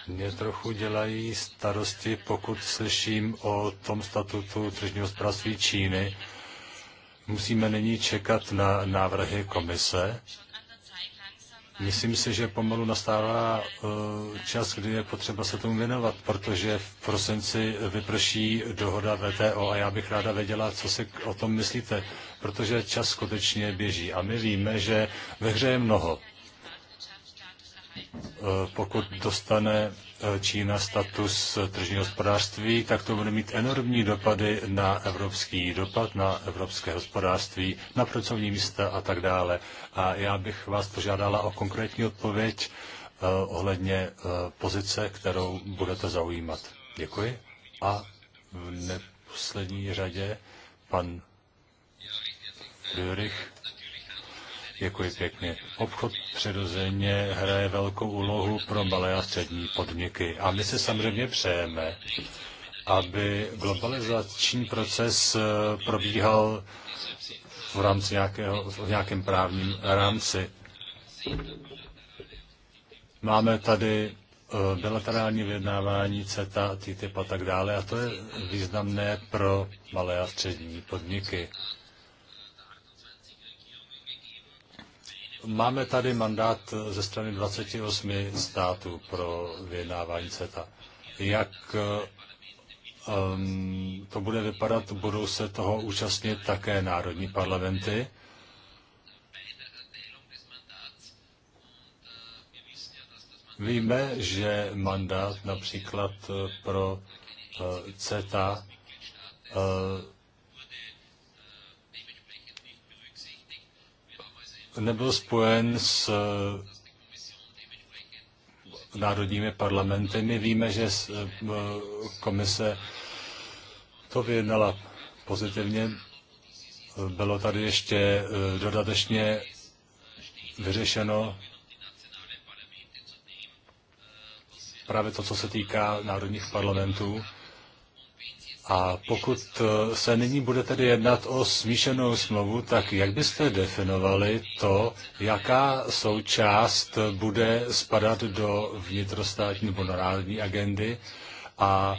Mě trochu dělají starosti, pokud slyším o tom statutu tržního hospodářství Číny. Musíme nyní čekat na návrhy komise. Myslím si, že pomalu nastává eh, čas, kdy je potřeba se tomu věnovat, protože v prosinci vyprší dohoda VTO a já bych ráda věděla, co si o tom myslíte protože čas skutečně běží a my víme, že ve hře je mnoho. Eh, pokud dostane eh, Čína status tržního hospodářství, tak to bude mít enormní dopady na evropský dopad, na evropské hospodářství, na pracovní místa a tak dále. A já bych vás požádala o konkrétní odpověď eh, ohledně pozice, kterou budete zaujímat. Děkuji. A v neposlední řadě pan Lürich. Děkuji jako pěkně. Obchod přirozeně hraje velkou úlohu pro malé a střední podniky. A my se samozřejmě přejeme, aby globalizační proces eh, probíhal v rámci nějakého, v nějakém právním rámci. Máme tady eh, bilaterální vyjednávání CETA, TTIP a tak dále a to je významné pro malé a střední podniky. Máme tady mandát ze strany 28 států pro vyjednávání CETA. Jak um, to bude vypadat, budou se toho účastnit také národní parlamenty. Víme, že mandát například pro eh, CETA uh, nebyl spojen s eh, národními parlamenty. My víme, že eh, komise to vyjednala pozitivně. Bylo tady ještě eh, dodatečně vyřešeno právě to, co se týká národních parlamentů. A pokud eh, se nyní bude tedy jednat o smíšenou smlouvu, tak jak byste definovali to, jaká součást bude spadat do vnitrostátní nebo národní agendy a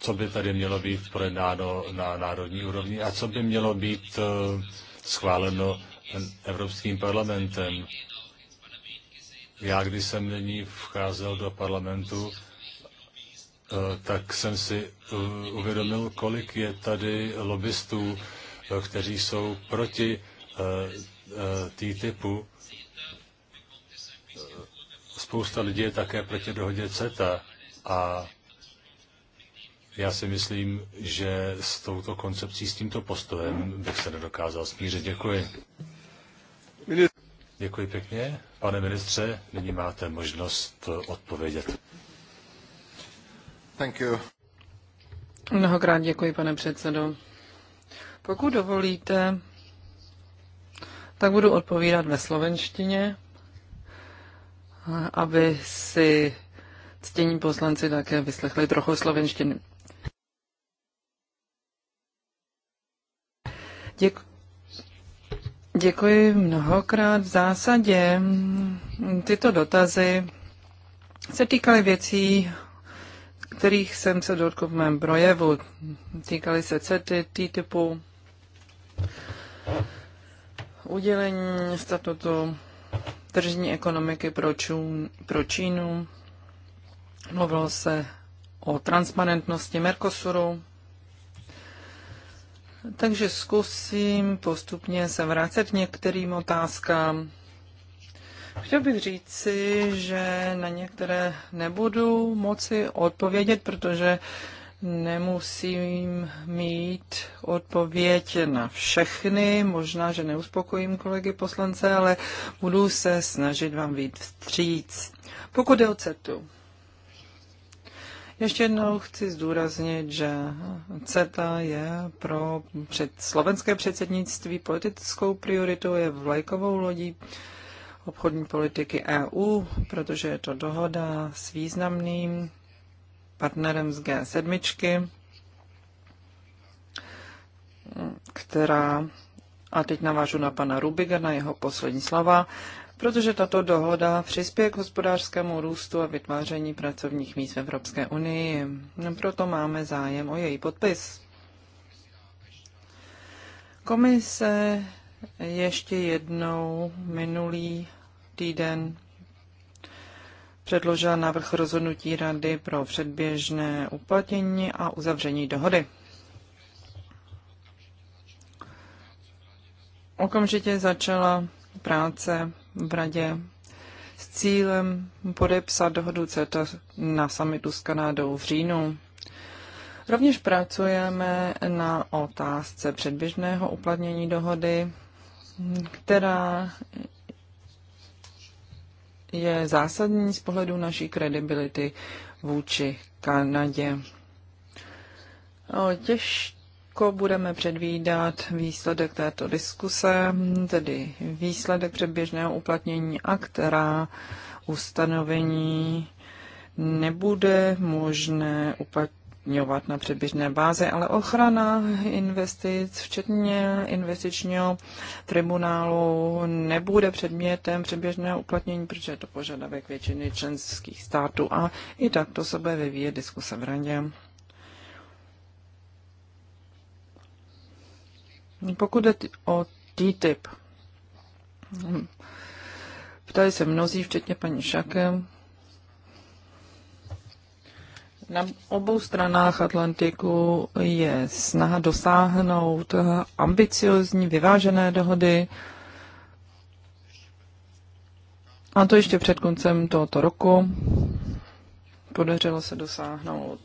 co by tady mělo být projednáno na národní úrovni a co by mělo být eh, schváleno Evropským parlamentem. Já, když jsem nyní vcházel do parlamentu, Eh, tak jsem si eh, uvědomil, kolik je tady lobbystů, eh, kteří jsou proti TTIPu. Spousta lidí je také proti dohodě CETA a já si myslím, že s touto koncepcí, s tímto postojem bych se nedokázal smířit. Děkuji. Děkuji pěkně. Pane ministře, nyní máte možnost odpovědět. Thank you. Mnohokrát děkuji, pane předsedo. Pokud dovolíte, tak budu odpovídat ve slovenštině, aby si ctění poslanci také vyslechli trochu slovenštiny. Děkuji. Děkuji mnohokrát. V zásadě tyto dotazy se týkaly věcí, kterých jsem se dotkl v mém projevu. Týkaly se CETY, T-typu, udělení statutu tržní ekonomiky pro, čun, pro Čínu, mluvilo se o transparentnosti Mercosuru, takže zkusím postupně se vracet k některým otázkám. Chtěl bych říci, že na některé nebudu moci odpovědět, protože nemusím mít odpověď na všechny, možná, že neuspokojím kolegy poslance, ale budu se snažit vám být vstříc. Pokud je o CETu, ještě jednou chci zdůraznit, že CETA je pro před slovenské předsednictví politickou prioritou, je vlajkovou lodí obchodní politiky EU, protože je to dohoda s významným partnerem z G7, která, a teď navážu na pana Rubiga, na jeho poslední slova, protože tato dohoda přispěje k hospodářskému růstu a vytváření pracovních míst v Evropské unii. Proto máme zájem o její podpis. Komise ještě jednou minulý týden předložila návrh rozhodnutí Rady pro předběžné uplatnění a uzavření dohody. Okamžitě začala práce v Radě s cílem podepsat dohodu CETA na samitu s Kanadou v říjnu. Rovněž pracujeme na otázce předběžného uplatnění dohody která je zásadní z pohledu naší kredibility vůči Kanadě. No, těžko budeme předvídat výsledek této diskuse, tedy výsledek předběžného uplatnění a která ustanovení nebude možné uplatnit uplatňovat na předběžné báze, ale ochrana investic, včetně investičního tribunálu, nebude předmětem předběžného uplatnění, protože je to požadavek většiny členských států a i to se bude vyvíjet diskuse v radě. Pokud jde o TTIP, ptali se mnozí, včetně paní Šakem, na obou stranách Atlantiku je snaha dosáhnout ambiciozní, vyvážené dohody. A to ještě před koncem tohoto roku podařilo se dosáhnout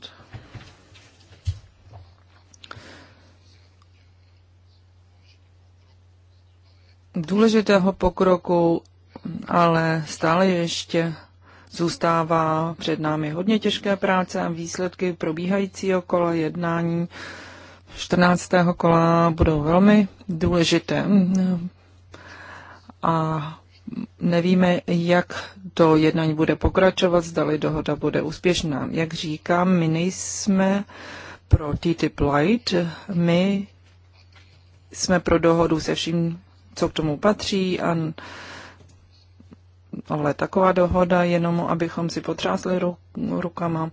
důležitého pokroku, ale stále ještě Zůstává před námi hodně těžké práce a výsledky probíhajícího kola jednání 14. kola budou velmi důležité. A nevíme, jak to jednání bude pokračovat, zdali dohoda bude úspěšná. Jak říkám, my nejsme pro TTIP Light, my jsme pro dohodu se vším, co k tomu patří a ale taková dohoda, jenom abychom si potřásli rukama,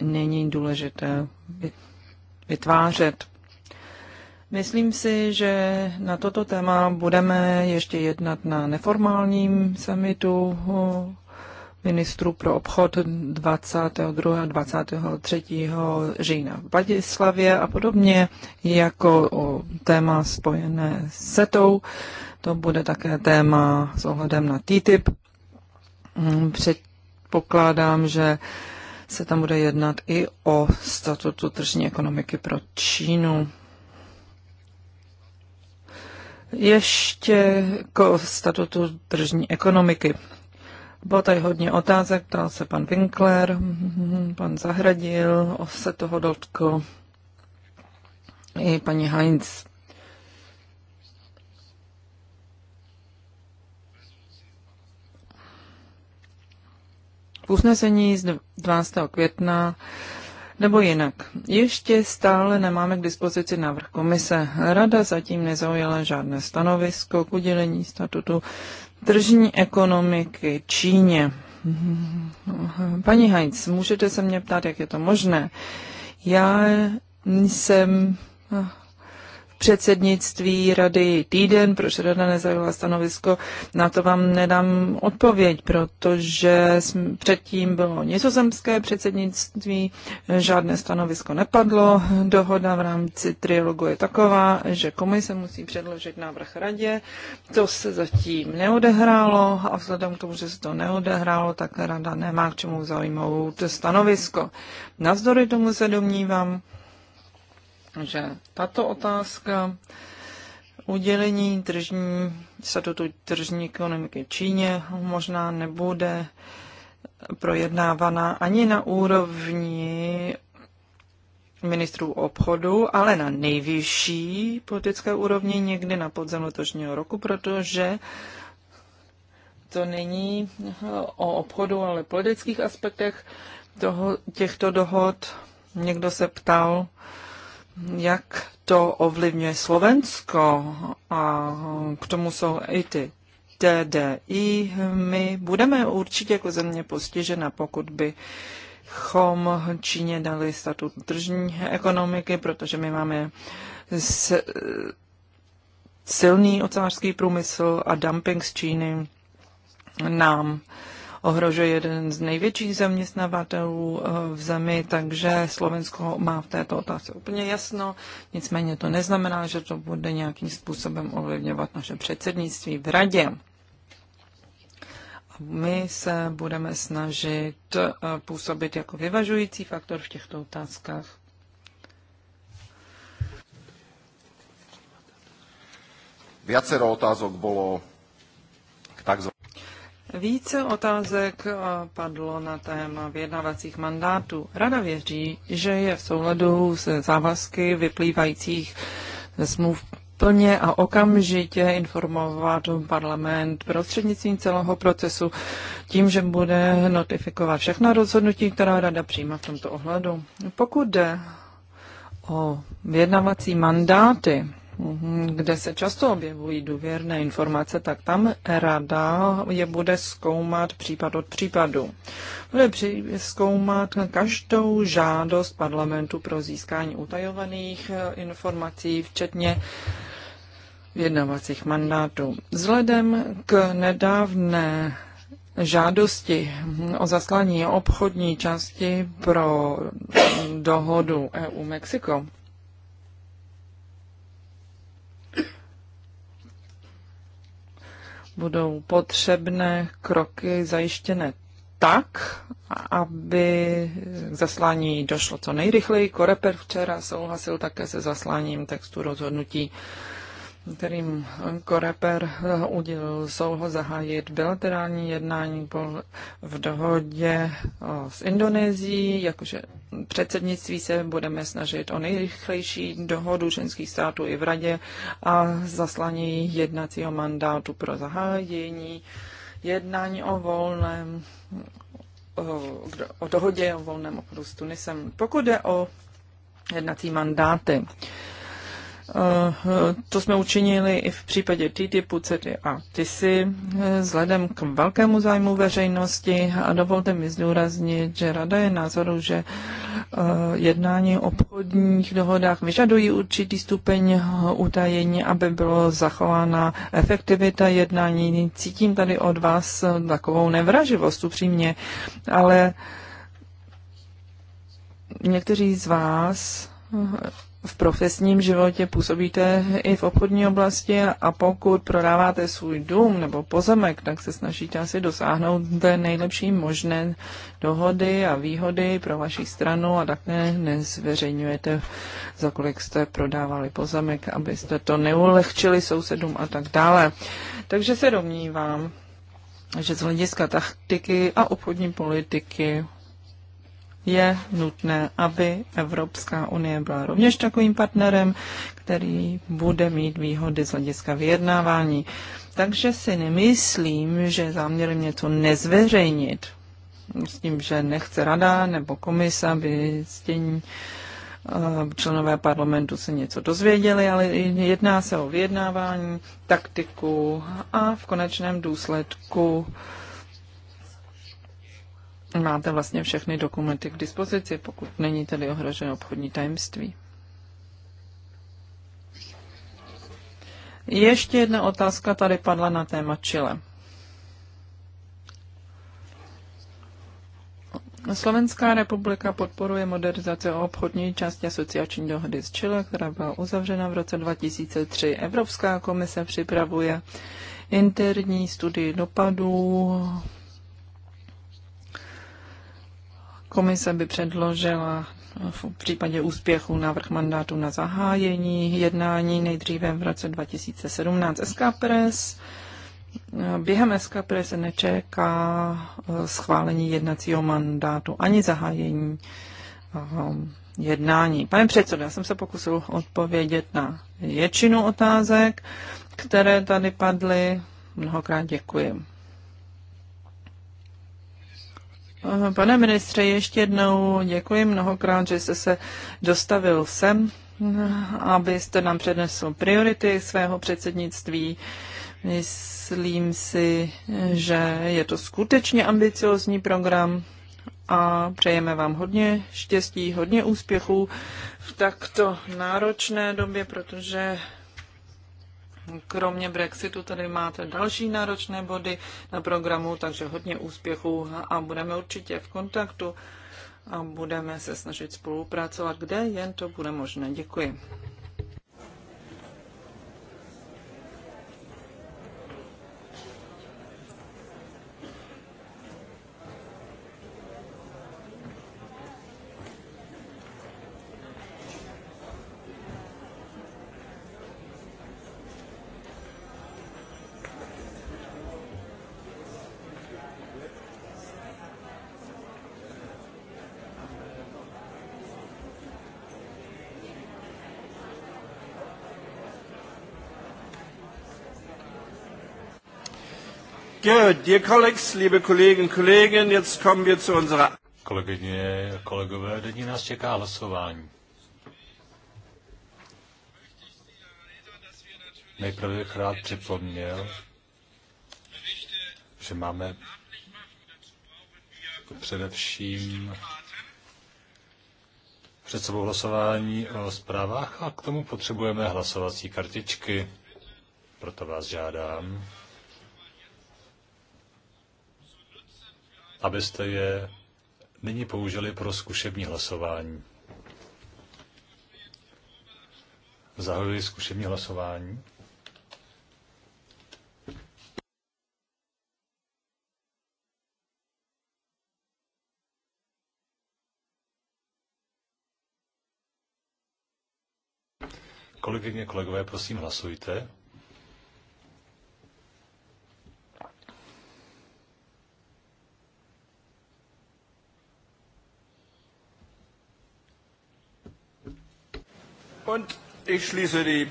není důležité vytvářet. Myslím si, že na toto téma budeme ještě jednat na neformálním summitu ministrů pro obchod 22. a 23. října v Badislavě a podobně jako téma spojené s setou to bude také téma s ohledem na TTIP. Mm, předpokládám, že se tam bude jednat i o statutu tržní ekonomiky pro Čínu. Ještě k statutu tržní ekonomiky. Bylo tady hodně otázek, ptal se pan Winkler, mm, pan Zahradil, se toho dotkl i paní Heinz. usnesení z 12. května nebo jinak. Ještě stále nemáme k dispozici návrh komise. Rada zatím nezaujala žádné stanovisko k udělení statutu tržní ekonomiky Číně. Paní Heinz, můžete se mě ptát, jak je to možné? Já jsem předsednictví rady týden, proč rada nezajala stanovisko, na to vám nedám odpověď, protože předtím bylo nizozemské předsednictví, žádné stanovisko nepadlo, dohoda v rámci trialogu je taková, že komise musí předložit návrh radě, to se zatím neodehrálo a vzhledem k tomu, že se to neodehrálo, tak rada nemá k čemu zaujmout stanovisko. Nazdory tomu se domnívám, že tato otázka udělení tržní, statutu tržní ekonomiky Číně možná nebude projednávaná ani na úrovni ministrů obchodu, ale na nejvyšší politické úrovni někdy na podzem letošního roku, protože to není o obchodu, ale politických aspektech toho, těchto dohod. Někdo se ptal, jak to ovlivňuje Slovensko a k tomu jsou i ty TDI. My budeme určitě jako země postižena, pokud by chom Číně dali statut tržní ekonomiky, protože my máme s, silný ocářský průmysl a dumping z Číny nám uh, ohrožuje jeden z největších zaměstnavatelů eh, v zemi, takže Slovensko má v této otázce úplně jasno. Nicméně to neznamená, že to bude nějakým způsobem ovlivňovat naše předsednictví v radě. My se budeme snažit eh, působit jako vyvažující faktor v těchto otázkách. Viacero otázok bolo více otázek eh, padlo na téma vyjednavacích mandátů. Rada věří, že je v souladu se závazky vyplývajících ze smluv plně a okamžitě informovat parlament prostřednictvím celého procesu tím, že bude notifikovat všechna rozhodnutí, která rada přijímá v tomto ohledu. Pokud jde o vyjednavací mandáty, Mhm, kde se často objevují důvěrné informace, tak tam rada je bude zkoumat případ od případu. Bude zkoumat každou žádost parlamentu pro získání utajovaných eh, informací, včetně vědnovacích mandátů. Vzhledem k nedávné žádosti hm, o zaslání obchodní části pro dohodu EU-Mexiko, budou potřebné kroky zajištěné tak, aby k zaslání došlo co nejrychleji. Koreper včera souhlasil také se zasláním textu rozhodnutí kterým Koreper eh, udělil souho zahájit bilaterální jednání v dohodě eh, s Indonésií, jakože předsednictví se budeme snažit o nejrychlejší dohodu ženských států i v radě a zaslání jednacího mandátu pro zahájení jednání o volném o dohodě o volném obchodu s Tunisem. Pokud je o jednací mandáty, Eh, to jsme učinili i v případě TTIPu, CETY a TISY. Eh, vzhledem k velkému zájmu veřejnosti a dovolte mi zdůraznit, že Rada je názoru, že eh, jednání o obchodních dohodách vyžadují určitý stupeň utajení, aby bylo zachována efektivita jednání. Cítím tady od vás takovou nevraživost upřímně, ale někteří z vás v profesním životě, působíte i v obchodní oblasti a pokud prodáváte svůj dům nebo pozemek, tak se snažíte asi dosáhnout té nejlepší možné dohody a výhody pro vaši stranu a tak ne nezveřejňujete, za kolik jste prodávali pozemek, abyste to neulehčili sousedům a tak dále. Takže se domnívám, že z hlediska taktiky a obchodní politiky je nutné, aby Evropská unie byla rovněž takovým partnerem, který bude mít výhody z hlediska vyjednávání. Takže si nemyslím, že záměrem něco nezveřejnit, s tím, že nechce rada nebo komise, aby stění eh, členové parlamentu se něco dozvěděli, ale jedná se o vyjednávání, taktiku a v konečném důsledku uh, máte vlastně všechny dokumenty k dispozici, pokud není tedy ohroženo obchodní tajemství. Ještě jedna otázka tady padla na téma Chile. Slovenská republika podporuje modernizaci obchodní části asociační dohody s Chile, která byla uzavřena v roce 2003. Evropská komise připravuje interní studii dopadů Komise by předložila eh, v případě úspěchu návrh mandátu na zahájení jednání nejdříve v roce 2017 SK Press. Eh, během SK Press se nečeká eh, schválení jednacího mandátu ani zahájení jednání. Pane předsedo, já jsem se pokusil odpovědět na většinu otázek, které tady padly. Mnohokrát děkuji. Pane ministře, ještě jednou děkuji mnohokrát, že jste se dostavil sem, abyste nám přednesl priority svého předsednictví. Myslím si, že je to skutečně ambiciozní program a přejeme vám hodně štěstí, hodně úspěchů v takto náročné době, protože Kromě Brexitu tady máte další náročné body na programu, takže hodně úspěchů a budeme určitě v kontaktu a budeme se snažit spolupracovat, kde jen to bude možné. Děkuji. Good, dear colleagues, liebe Kolleginnen und Kollegen, jetzt kommen wir zu unserer... Kolegyně, kolegové, nyní nás čeká hlasování. Nejprve bych rád připomněl, že máme především před sebou hlasování o zprávách a k tomu potřebujeme hlasovací kartičky. Proto vás žádám, abyste je nyní použili pro zkušební hlasování. Zahajuji zkušební hlasování. Kolegyně, kolegové, prosím, hlasujte. Und ich schließe die...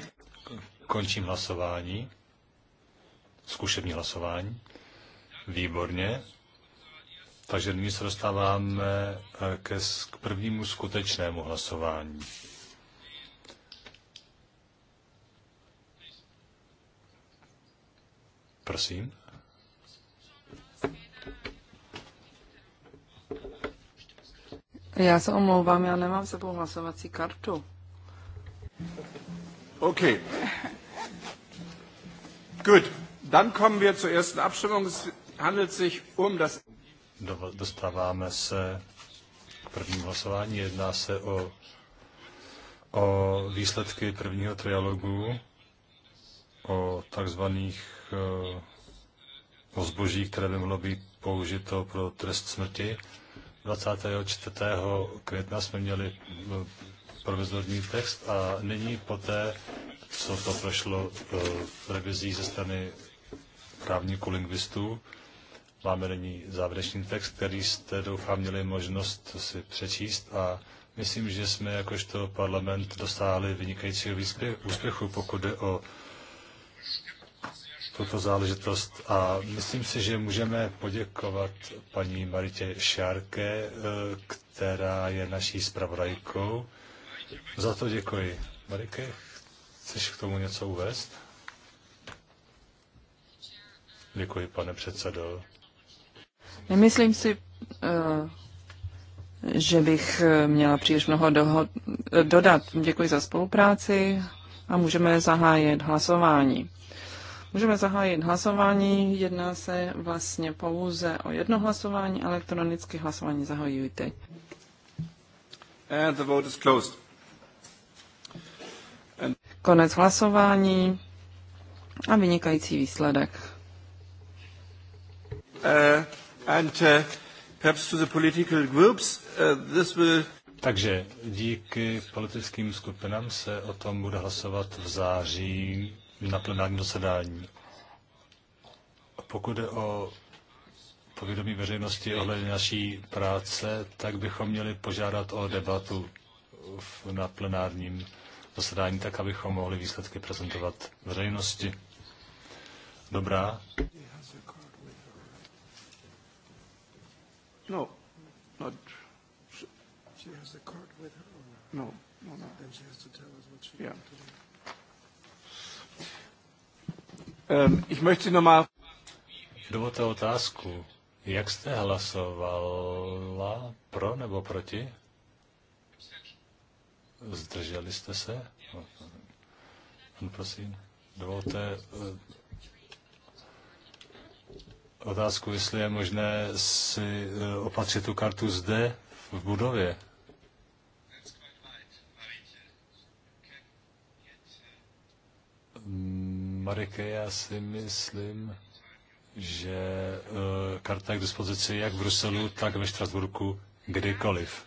Končím hlasování. Zkušební hlasování. Výborně. Takže nyní se dostáváme eh, ke, k prvnímu skutečnému hlasování. Prosím. Já se omlouvám, já nemám sebou hlasovací kartu. Okay. Gut, dann kommen wir zur ersten Abstimmung. Es handelt sich um das... Dostáváme se k prvnímu hlasování. Jedná se o, o výsledky prvního trialogu, o takzvaných eh, o zboží, které by mohlo být použito pro trest smrti. 24. května jsme měli eh, provizorní text a nyní poté, co to prošlo e, revizí ze strany právníků lingvistů, máme nyní závěrečný text, který jste, doufám, měli možnost si přečíst a myslím, že jsme jakožto parlament dosáhli vynikajícího úspěchu, pokud jde o tuto záležitost a myslím si, že můžeme poděkovat paní Maritě Šárke, e, která je naší zpravodajkou. Za to děkuji. Mariky, chceš k tomu něco uvést? Děkuji, pane předsedo. Nemyslím si, eh, že bych eh, měla příliš mnoho dodat. Děkuji za spolupráci a můžeme zahájit hlasování. Můžeme zahájit hlasování. Jedná se vlastně pouze o jedno hlasování. elektronické hlasování zahajuji teď. And the vote is closed. Konec hlasování a vynikající výsledek. Uh, and, uh, perhaps to the political groups, uh, this will... Takže díky politickým skupinám se o tom bude hlasovat v září na plenárním zasedání. Pokud je o povědomí veřejnosti ohledně naší práce, tak bychom měli požádat o debatu na plenárním zasedání, tak abychom mohli výsledky prezentovat veřejnosti. Dobrá. No, not. She has the card with her or not? No, no, no. Then she has to tell us what she yeah. to do. Um, ich möchte nochmal... Dovolte otázku. Jak jste hlasovala pro nebo proti? Zdrželi jste se? No, prosím, dovolte eh, otázku, jestli je možné si eh, opatřit tu kartu zde, v budově. Marike, já si myslím, že eh, karta je k dispozici jak v Bruselu, tak ve Štrasburku, kdykoliv.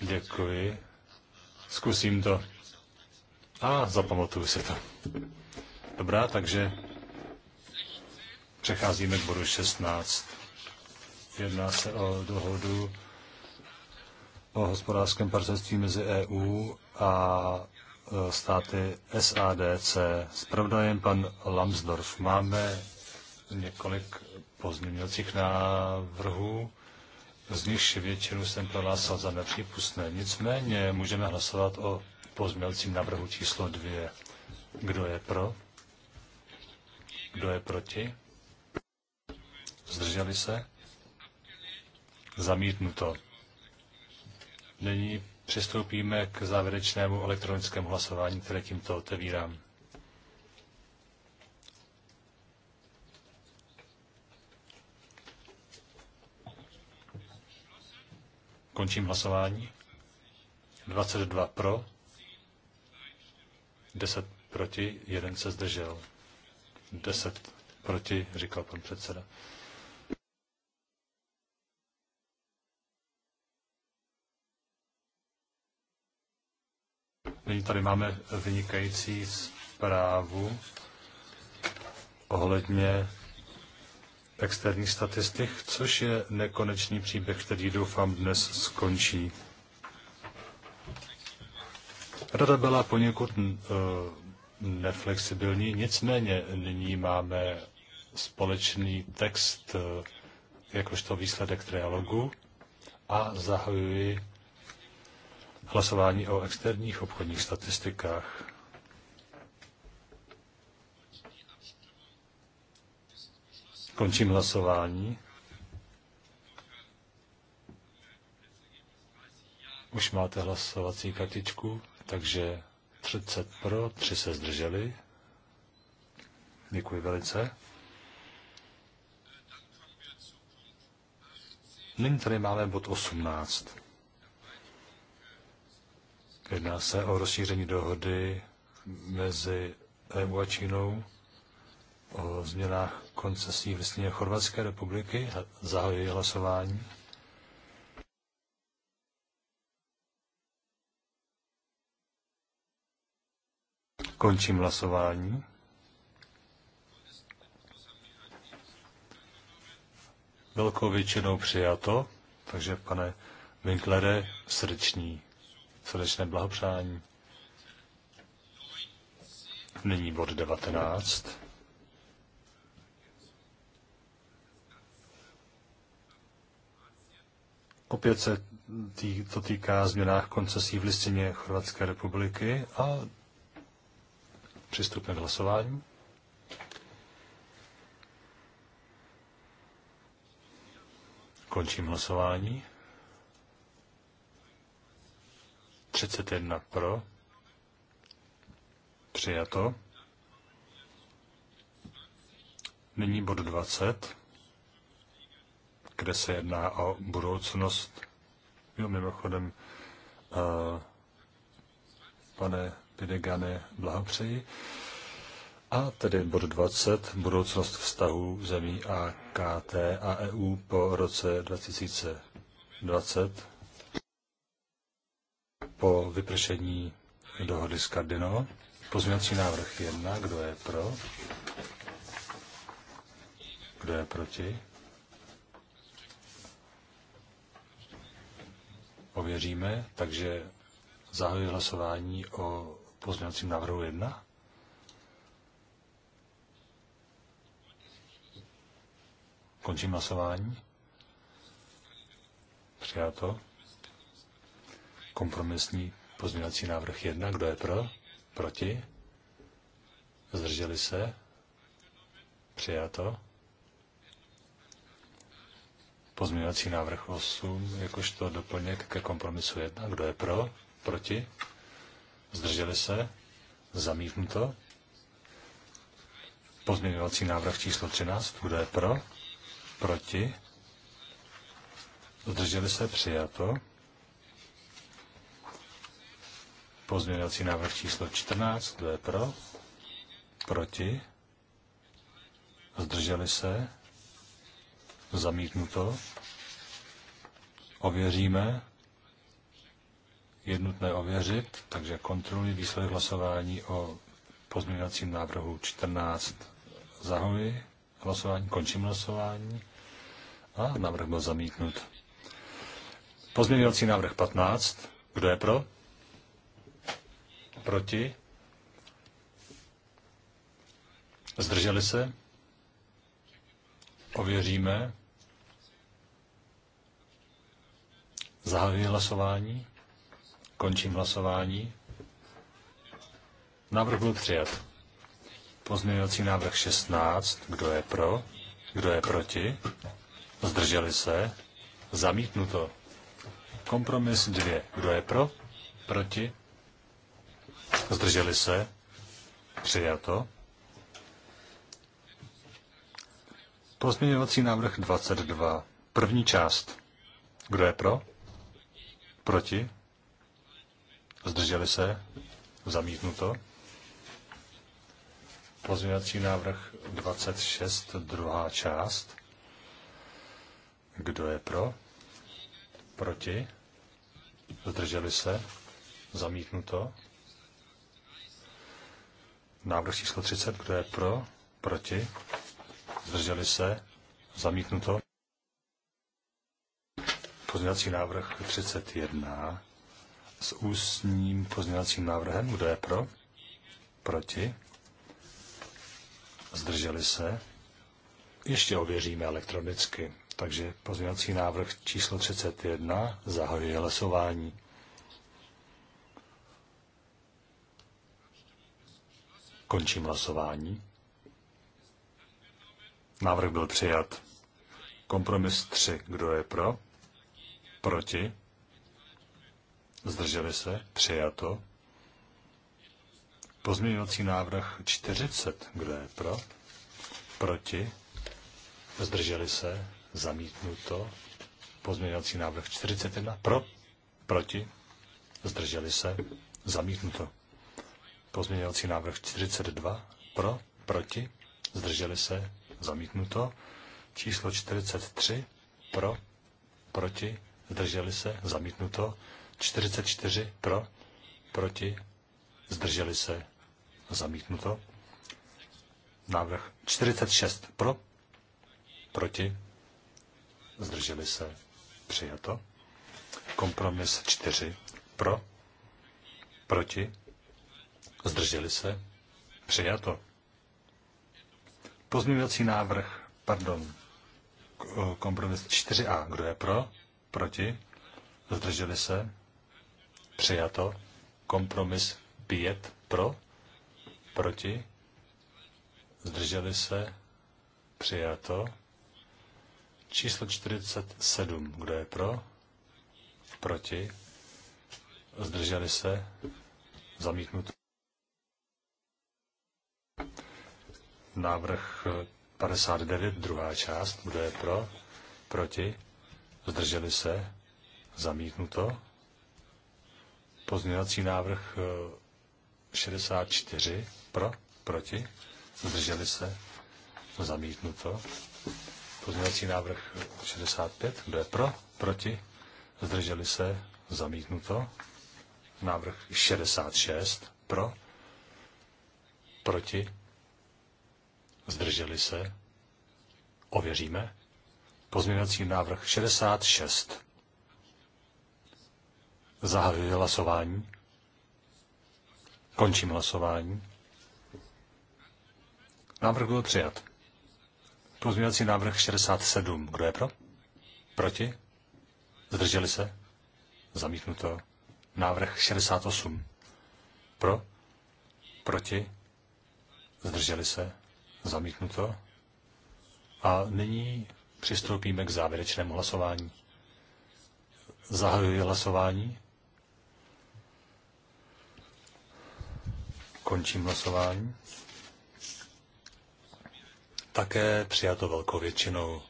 Děkuji. Zkusím to. A zapamatuju se to. Dobrá, takže přecházíme k bodu 16. Jedná se o dohodu o hospodářském partnerství mezi EU a e, státy SADC. Spravdajem pan Lambsdorff. Máme několik pozměňovacích návrhů z nichž většinu jsem prohlásil za nepřípustné. Nicméně můžeme hlasovat o pozměňovacím návrhu číslo dvě. Kdo je pro? Kdo je proti? Zdrželi se? Zamítnuto. Nyní přistoupíme k závěrečnému elektronickému hlasování, které tímto otevírám. Končím hlasování. 22 pro, 10 proti, 1 se zdržel. 10 proti, říkal pan předseda. Nyní tady máme vynikající zprávu ohledně externích statistik, což je nekonečný příběh, který doufám dnes skončí. Rada byla poněkud e, neflexibilní, nicméně nyní máme společný text e, jakožto výsledek trialogu a zahajuji hlasování o externích obchodních statistikách. Končím hlasování. Už máte hlasovací kartičku, takže 30 pro, 3 se zdrželi. Děkuji velice. Nyní tady máme bod 18. Jedná se o rozšíření dohody mezi EU a Čínou o změnách koncesí v listině Chorvatské republiky. Zahajuji hlasování. Končím hlasování. Velkou většinou přijato, takže pane Winklere, srdeční, srdečné blahopřání. Nyní bod 19. Opět se tý, to týká změnách koncesí v listině Chorvatské republiky a přistupme k hlasování. Končím hlasování. 31 pro. Přijato. Nyní bod 20 kde se jedná o budoucnost. Jo, mimochodem, eh, pane Pidegane, blahopřeji. A tedy bod 20, budoucnost vztahů zemí KT a EU po roce 2020 po vypršení dohody s Kardino. Pozměňovací návrh 1, kdo je pro? Kdo je proti? ověříme, takže zahajuji hlasování o pozměňovacím návrhu 1. Končím hlasování. Přijato. Kompromisní pozměňovací návrh 1. Kdo je pro? Proti? Zdrželi se? Přijato. Pozměňovací návrh 8, jakožto doplněk ke kompromisu 1. Kdo je pro? Proti? Zdrželi se? Zamítnuto? Pozměňovací návrh číslo 13. Kdo je pro? Proti? Zdrželi se? Přijato? Pozměňovací návrh číslo 14. Kdo je pro? Proti? Zdrželi se? zamítnuto. Ověříme. Je nutné ověřit, takže kontroluji výsledek hlasování o pozměňovacím návrhu 14. Zahoji hlasování, končím hlasování a návrh byl zamítnut. Pozměňovací návrh 15. Kdo je pro? Proti? Zdrželi se? Ověříme. Zahajuji hlasování. Končím hlasování. Návrh byl přijat. Pozměňovací návrh 16. Kdo je pro? Kdo je proti? Zdrželi se? Zamítnuto. Kompromis 2. Kdo je pro? Proti? Zdrželi se? Přijato. Pozměňovací návrh 22. První část. Kdo je pro? Proti? Zdrželi se? Zamítnuto. Pozměňovací návrh 26, druhá část. Kdo je pro? Proti? Zdrželi se? Zamítnuto. Návrh číslo 30, kdo je pro? Proti? Zdrželi se? Zamítnuto pozměňovací návrh 31 s ústním pozměňovacím návrhem. Kdo je pro? Proti? Zdrželi se? Ještě ověříme elektronicky. Takže pozměňovací návrh číslo 31 zahajuje hlasování. Končím hlasování. Návrh byl přijat. Kompromis 3. Kdo je pro? Proti? Zdrželi se? Přijato. Pozměňovací návrh 40. Kdo je pro? Proti? Zdrželi se? Zamítnuto. Pozměňovací návrh 41. Pro? Proti? Zdrželi se? Zamítnuto. Pozměňovací návrh 42. Pro? Proti? Zdrželi se? Zamítnuto. Číslo 43. Pro? Proti? zdrželi se, zamítnuto. 44 pro, proti, zdrželi se, zamítnuto. Návrh 46 pro, proti, zdrželi se, přijato. Kompromis 4 pro, proti, zdrželi se, přijato. Pozměňovací návrh, pardon, kompromis 4a, kdo je pro, Proti? Zdrželi se? Přijato. Kompromis pět pro? Proti? Zdrželi se? Přijato. Číslo 47. Kdo je pro? Proti? Zdrželi se? Zamítnuto. Návrh 59, druhá část. Kdo je pro? Proti? zdrželi se, zamítnuto. Pozměňovací návrh 64, eh, pro, proti, zdrželi se, zamítnuto. Pozměňovací návrh 65, eh, kdo je pro, proti, zdrželi se, zamítnuto. Návrh 66, pro, proti, zdrželi se, ověříme. Pozměňovací návrh 66. Zahajuji hlasování. Končím hlasování. Návrh byl přijat. Pozměňovací návrh 67. Kdo je pro? Proti? Zdrželi se? Zamítnuto. Návrh 68. Pro? Proti? Zdrželi se? Zamítnuto. A nyní Přistoupíme k závěrečnému hlasování. Zahajuji hlasování. Končím hlasování. Také přijato velkou většinou.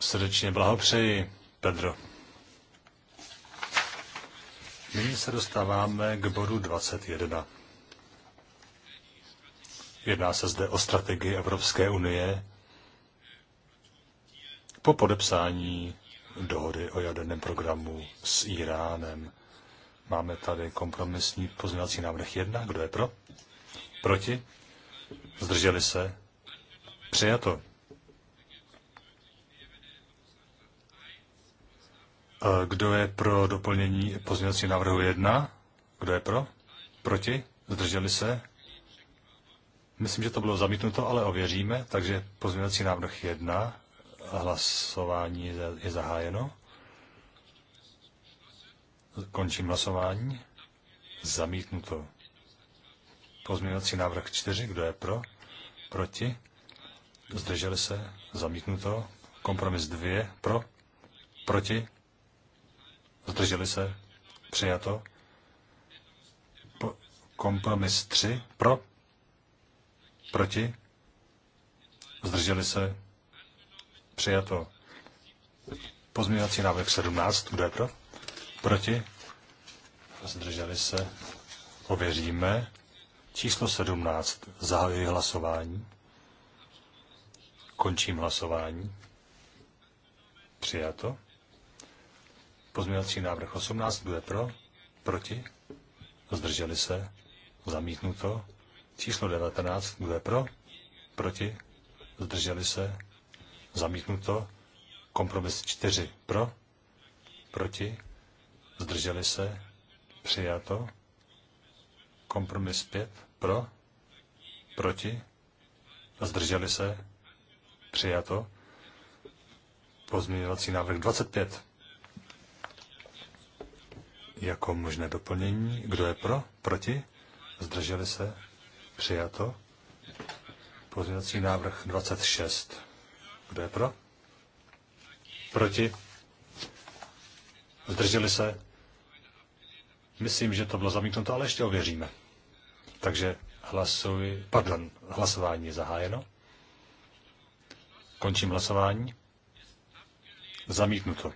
Srdečně blahopřeji, Pedro. Nyní se dostáváme k bodu 21. Jedná se zde o strategii Evropské unie po podepsání dohody o jaderném programu s Iránem. Máme tady kompromisní pozměňovací návrh 1. Kdo je pro? Proti? Zdrželi se? Přijato. Kdo je pro doplnění pozměňovacího návrhu 1? Kdo je pro? Proti? Zdrželi se? Myslím, že to bylo zamítnuto, ale ověříme. Takže pozměňovací návrh 1. Hlasování je zahájeno. Končím hlasování. Zamítnuto. Pozměňovací návrh 4. Kdo je pro? Proti? Zdrželi se? Zamítnuto. Kompromis 2. Pro? Proti? Zdrželi se? Přijato. Po, kompromis 3. Pro? Proti? Zdrželi se? Přijato. Pozměňovací návrh 17. Kdo je pro? Proti? Zdrželi se. Ověříme. Číslo 17. Zahajuji hlasování. Končím hlasování. Přijato. Pozměňovací návrh 18. Kdo je pro? Proti? Zdrželi se. Zamítnuto. Číslo 19. Kdo je pro? Proti? Zdrželi se. Zamítnuto. Kompromis 4 pro, proti, zdrželi se, přijato. Kompromis 5 pro, proti, zdrželi se, přijato. Pozměňovací návrh 25 jako možné doplnění. Kdo je pro? Proti? Zdrželi se? Přijato. Pozměňovací návrh 26. Kdo je pro? Proti? Zdrželi se? Myslím, že to bylo zamítnuto, ale ještě ověříme. Takže hlasuji, pardon, hlasování je zahájeno. Končím hlasování. Zamítnuto.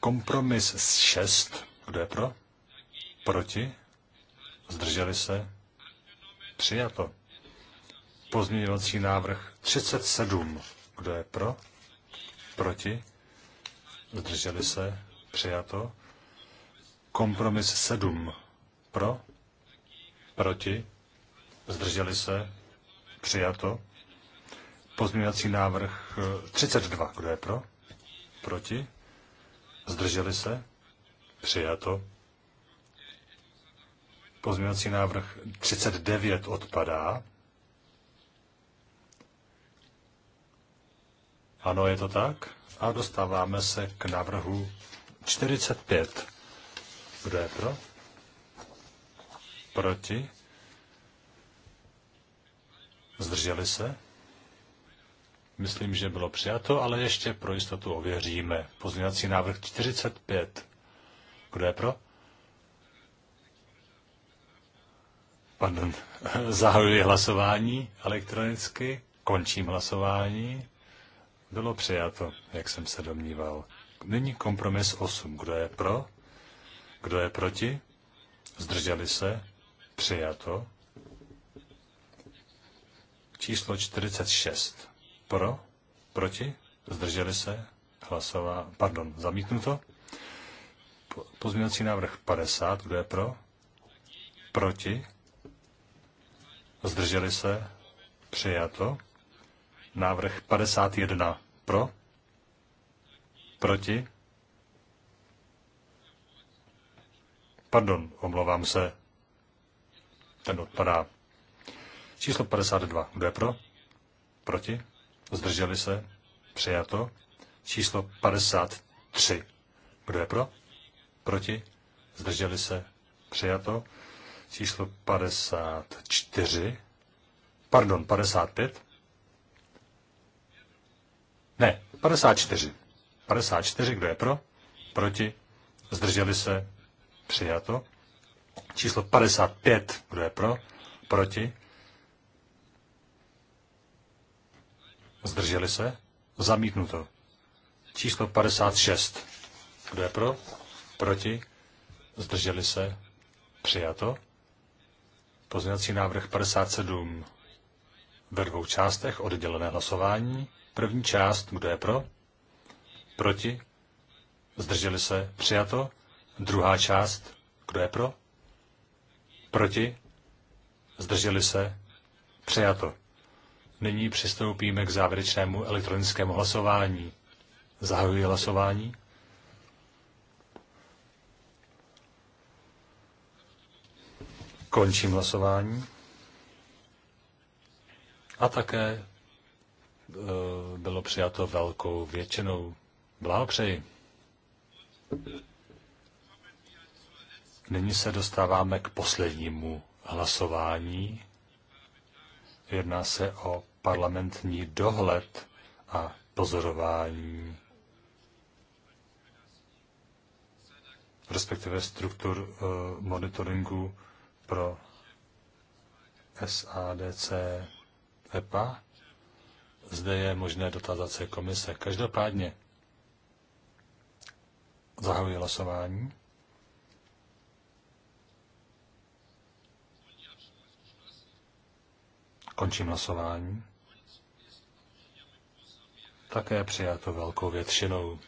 Kompromis 6. Kdo je pro? Proti? Zdrželi se? Přijato. Pozměňovací návrh 37. Kdo je pro? Proti? Zdrželi se? Přijato. Kompromis 7. Pro? Proti? Zdrželi se? Přijato. Pozměňovací návrh 32. Eh, Kdo je pro? Proti? Zdrželi se? Přijato. Pozměňovací návrh 39 odpadá. Ano, je to tak. A dostáváme se k návrhu 45. Kdo je pro? Proti? Zdrželi se? Myslím, že bylo přijato, ale ještě pro jistotu ověříme. Pozměňovací návrh 45. Kdo je pro? Pardon. Zahajuji hlasování elektronicky. Končím hlasování. Bylo přijato, jak jsem se domníval. Nyní kompromis 8. Kdo je pro? Kdo je proti? Zdrželi se? Přijato. Číslo 46. Pro? Proti? Zdrželi se? Hlasová, pardon, zamítnuto. Pozměňovací návrh 50. Kdo je pro? Proti? Zdrželi se? Přijato. Návrh 51. Pro? Proti? Pardon, omlouvám se. Ten odpadá. Číslo 52. Kdo je pro? Proti? Zdrželi se? Přijato. Číslo 53. Kdo je pro? Proti? Zdrželi se? Přijato. Číslo 54. Pardon, 55. Ne, 54. 54, kdo je pro? Proti? Zdrželi se? Přijato. Číslo 55, kdo je pro? Proti? Zdrželi se? Zamítnuto. Číslo 56, kdo je pro? Proti? Zdrželi se? Přijato. Pozměňovací návrh 57 ve dvou částech oddělené hlasování. První část, kdo je pro? Proti? Zdrželi se? Přijato? Druhá část, kdo je pro? Proti? Zdrželi se? Přijato. Nyní přistoupíme k závěrečnému elektronickému hlasování. Zahajuji hlasování. Končím hlasování. A také Eh, bylo přijato velkou většinou. Blahopřeji. Nyní se dostáváme k poslednímu hlasování. Jedná se o parlamentní dohled a pozorování, respektive struktur eh, monitoringu pro SADC EPA zde je možné dotázat se komise. Každopádně zahajuji hlasování. Končím hlasování. Také přijato velkou většinou.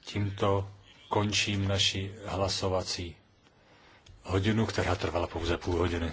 Tímto končím naši hlasovací hodinu, která trvala pouze půl hodiny.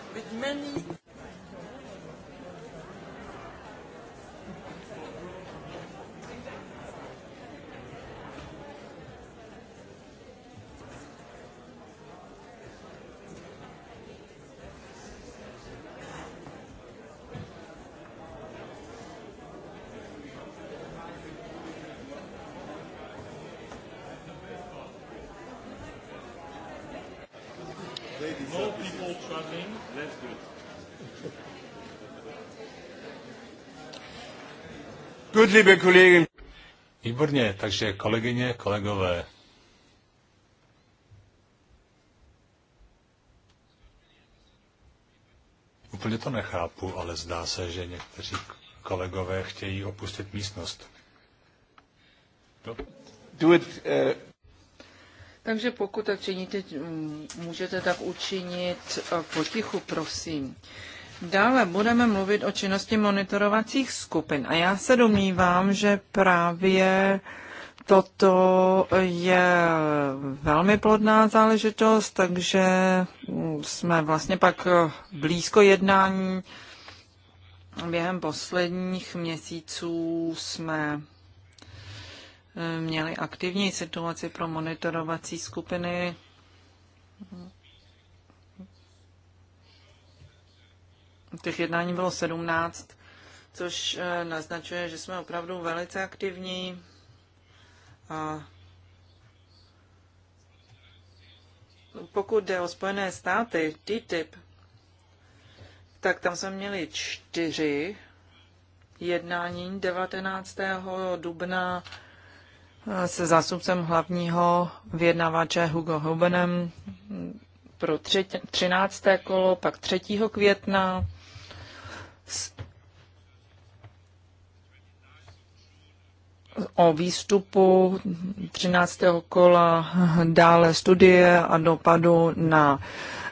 Gut, liebe Kollegen. Výborně, takže kolegyně, kolegové. Úplně to nechápu, ale zdá se, že někteří kolegové chtějí opustit místnost. Do it, uh... Takže pokud tak činíte, můžete tak učinit eh, potichu, prosím. Uh, Dále budeme mluvit o činnosti monitorovacích skupin a já se domnívám, že právě toto je velmi plodná záležitost, takže jsme vlastně pak blízko jednání. Během posledních měsíců jsme eh, měli aktivní situaci pro monitorovací skupiny Těch jednání bylo 17, což eh, naznačuje, že jsme opravdu velice aktivní. A pokud jde o Spojené státy, TTIP, tak tam jsme měli čtyři jednání 19. dubna eh, se zástupcem hlavního vyjednavače Hugo Hobenem pro třetí 13. kolo, pak 3. května o výstupu 13. kola dále studie a dopadu na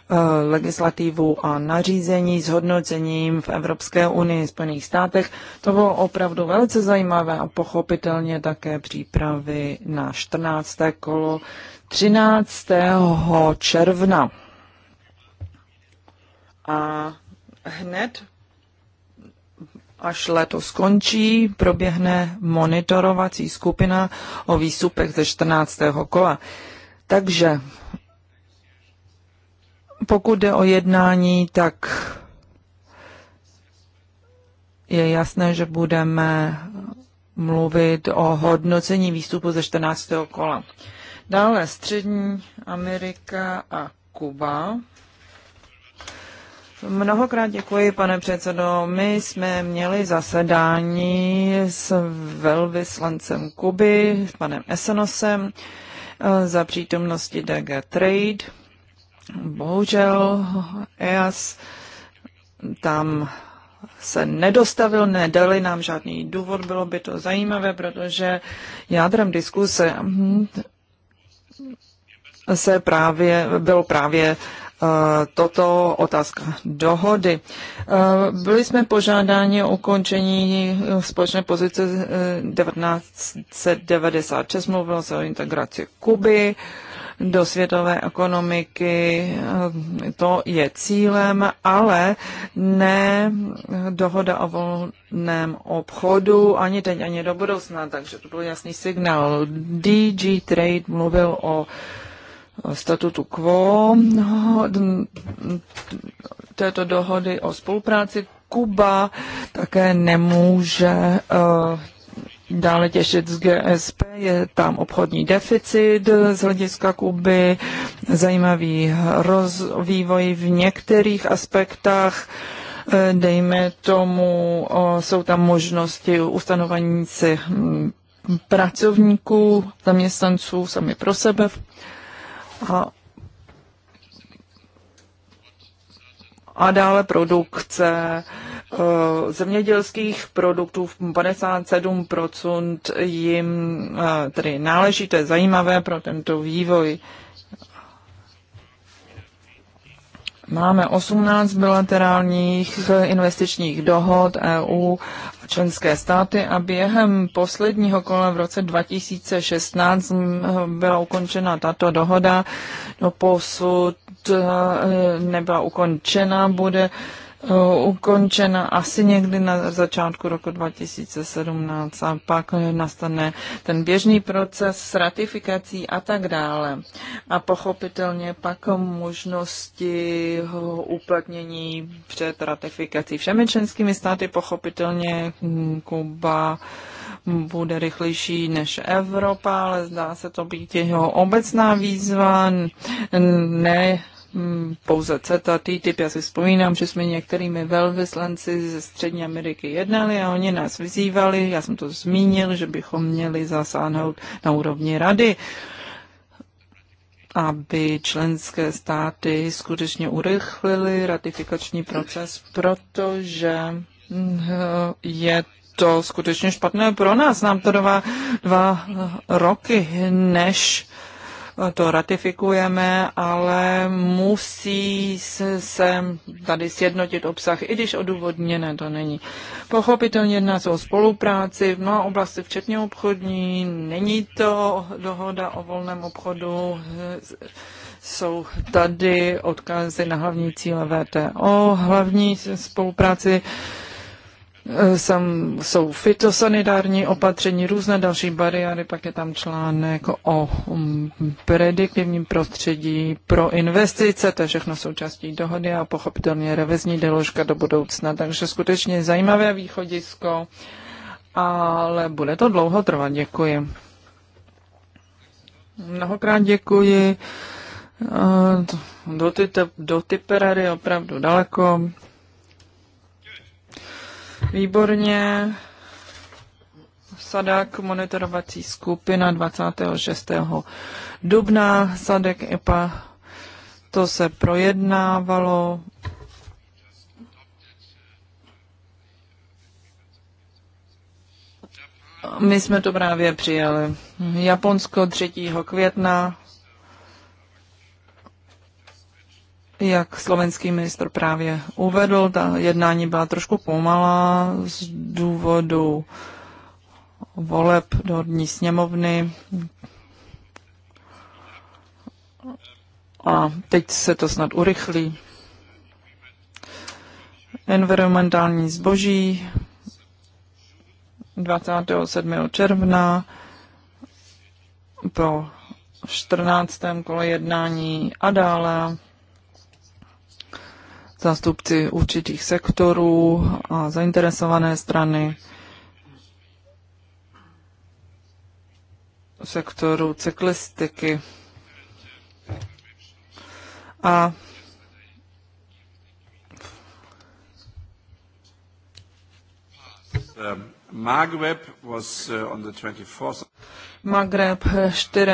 eh, legislativu a nařízení s hodnocením v Evropské unii, Spojených státech. To bylo opravdu velice zajímavé a pochopitelně také přípravy na 14. kolo 13. června. A hned až leto skončí, proběhne monitorovací skupina o výstupech ze 14. kola. Takže pokud jde o jednání, tak je jasné, že budeme mluvit o hodnocení výstupu ze 14. kola. Dále Střední Amerika a Kuba. Mnohokrát děkuji, pane předsedo. My jsme měli zasedání s velvyslancem Kuby, s panem Esenosem, eh, za přítomnosti DG Trade. Bohužel EAS tam se nedostavil, nedali nám žádný důvod, bylo by to zajímavé, protože jádrem diskuse se právě, bylo právě Eh, toto otázka dohody. Eh, byli jsme požádáni o ukončení společné pozice 1996, eh, mluvilo se o integraci Kuby do světové ekonomiky. To je cílem, ale ne dohoda o volném obchodu ani teď, ani do budoucna, takže to byl jasný signál. DG Trade mluvil o uh, statutu quo no, této dohody o spolupráci. Kuba také nemůže eh, dále těšit z GSP, je tam obchodní deficit z hlediska Kuby, zajímavý rozvývoj v některých aspektech, eh, dejme tomu, eh, jsou tam možnosti ustanovení si hm, pracovníků, zaměstnanců sami pro sebe a, a dále produkce eh, zemědělských produktů 57% jim eh, tedy náleží, to je zajímavé pro tento vývoj. Máme 18 bilaterálních investičních dohod EU členské státy a během posledního kola v roce 2016 mm, byla ukončena tato dohoda. No posud eh, nebyla ukončena, bude Eh, ukončena asi někdy na začátku roku 2017 a pak nastane ten běžný proces s ratifikací a tak dále. A pochopitelně pak možnosti uplatnění před ratifikací všemi členskými státy, pochopitelně Kuba bude rychlejší než Evropa, ale zdá se to být jeho obecná výzva, ne Mm, pouze CETA, TTIP. Já si vzpomínám, že jsme některými velvyslanci ze Střední Ameriky jednali a oni nás vyzývali, já jsem to zmínil, že bychom měli zasáhnout na úrovni rady aby členské státy skutečně urychlily ratifikační proces, protože mm, je to skutečně špatné pro nás. Nám to dva, dva roky, než to ratifikujeme, ale musí se, se tady sjednotit obsah, i když odůvodněné to není. Pochopitelně jedná se o spolupráci v mnoha oblasti, včetně obchodní. Není to dohoda o volném obchodu jsou tady odkazy na hlavní cíle VTO, hlavní spolupráci Eh, sam, jsou fitosanitární opatření, různé další bariéry, pak je tam článek o mm, prediktivním prostředí pro investice, to je všechno součástí dohody a pochopitelně revizní deložka do budoucna. Takže skutečně zajímavé východisko, ale bude to dlouho trvat. Děkuji. Mnohokrát děkuji. Eh, do, ty, do ty perary opravdu daleko. Výborně. Sadak monitorovací skupina 26. dubna. Sadek EPA to se projednávalo. My jsme to právě přijali. Japonsko 3. května Jak slovenský ministr právě uvedl, ta jednání byla trošku pomalá z důvodu voleb do dní sněmovny. A teď se to snad urychlí. Environmentální zboží 27. června po 14. kole jednání a dále zástupci určitých sektorů a zainteresované strany sektoru cyklistiky. A um, Magreb was uh, on the 24th. 24.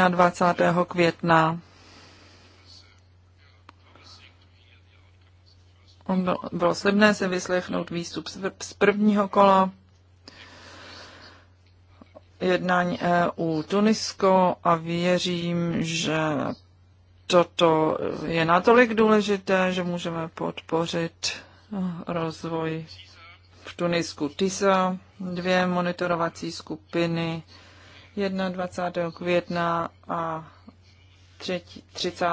května byl, bylo slibné se vyslechnout výstup z prvního kola jednání EU Tunisko a věřím, že toto je natolik důležité, že můžeme podpořit rozvoj v Tunisku TISA, dvě monitorovací skupiny 21. května a 30.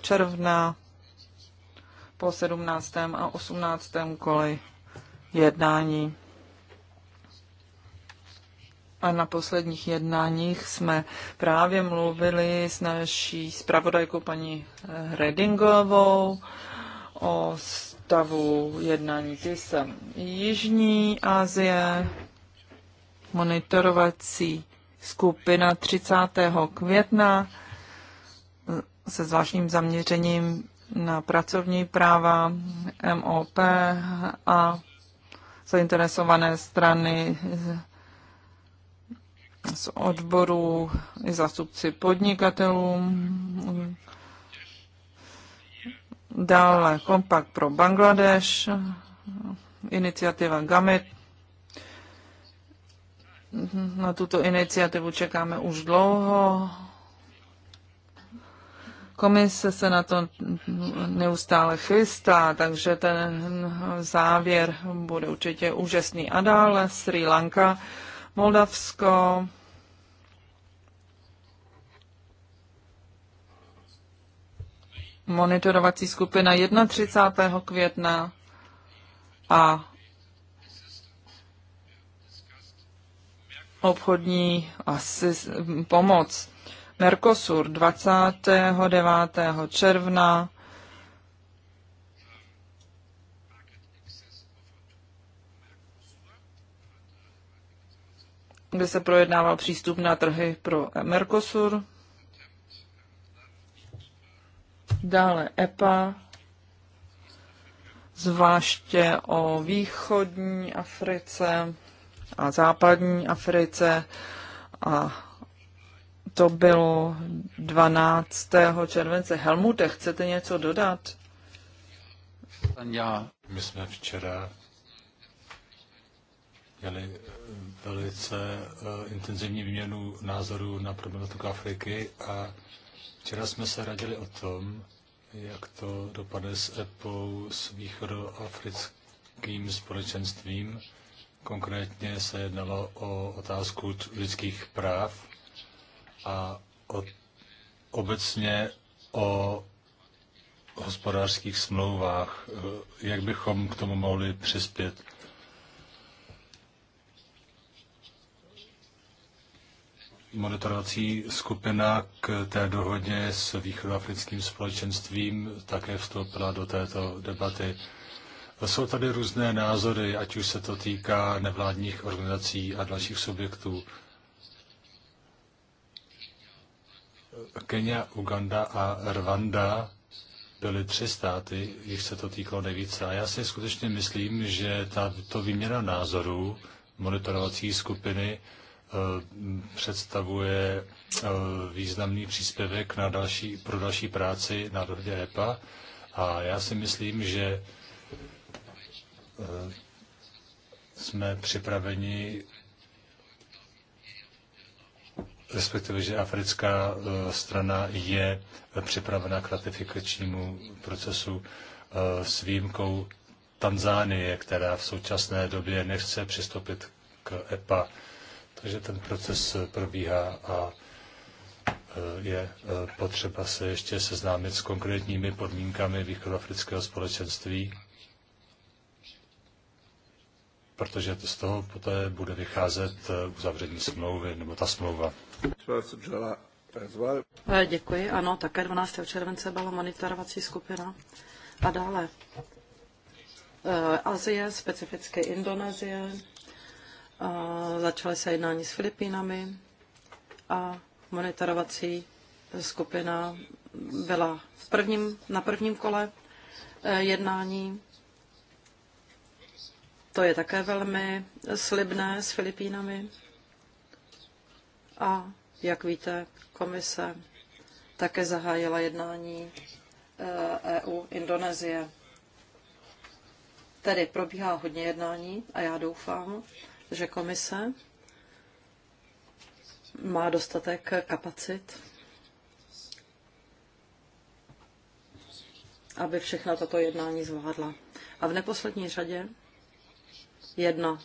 června po 17. a 18. koli jednání. A na posledních jednáních jsme právě mluvili s naší zpravodajkou paní Redingovou o stavu jednání TISEM Jižní Asie, monitorovací skupina 30. května se zvláštním zaměřením na pracovní práva, MOP a zainteresované strany z odborů i zastupci podnikatelů. Dále kompakt pro Bangladeš, iniciativa GAMIT. Na tuto iniciativu čekáme už dlouho. Komise se na to neustále chystá, takže ten závěr bude určitě úžasný. A dále Sri Lanka, Moldavsko, monitorovací skupina 31. května a obchodní asi pomoc. Mercosur 29. června. kde se projednával přístup na trhy pro Mercosur. Dále EPA, zvláště o východní Africe a západní Africe a to bylo 12. července. Helmute, chcete něco dodat? Já, My jsme včera měli eh, velice uh, intenzivní výměnu názorů na problematiku Afriky a včera jsme se radili o tom, jak to dopadne s EPou, s východoafrickým společenstvím. Konkrétně se jednalo o otázku lidských práv a o, obecně o hospodářských smlouvách, jak bychom k tomu mohli přispět. Monitorovací skupina k té dohodě s východoafrickým společenstvím také vstoupila do této debaty. Jsou tady různé názory, ať už se to týká nevládních organizací a dalších subjektů. Kenia, Uganda a Rwanda byly tři státy, jich se to týkalo nejvíce. A já si skutečně myslím, že ta, to výměna názorů monitorovací skupiny eh, představuje eh, významný příspěvek na další, pro další práci na dohodě EPA. A já si myslím, že eh, jsme připraveni respektive, že africká e, strana je připravena k ratifikačnímu procesu e, s výjimkou Tanzánie, která v současné době nechce přistoupit k EPA. Takže ten proces probíhá a e, je potřeba se ještě seznámit s konkrétními podmínkami východoafrického společenství, protože z toho poté bude vycházet uzavření smlouvy nebo ta smlouva. Eh, děkuji, ano, také 12. července byla monitorovací skupina. A dále. Eh, Azie, specificky Indonésie. Eh, začaly se jednání s Filipínami a monitorovací skupina byla v prvním, na prvním kole jednání. To je také velmi slibné s Filipínami. A jak víte, komise také zahájila jednání EU eh, e Indonésie. Tedy probíhá hodně jednání a já doufám, že komise má dostatek kapacit, aby všechna tato jednání zvládla. A v neposlední řadě jedna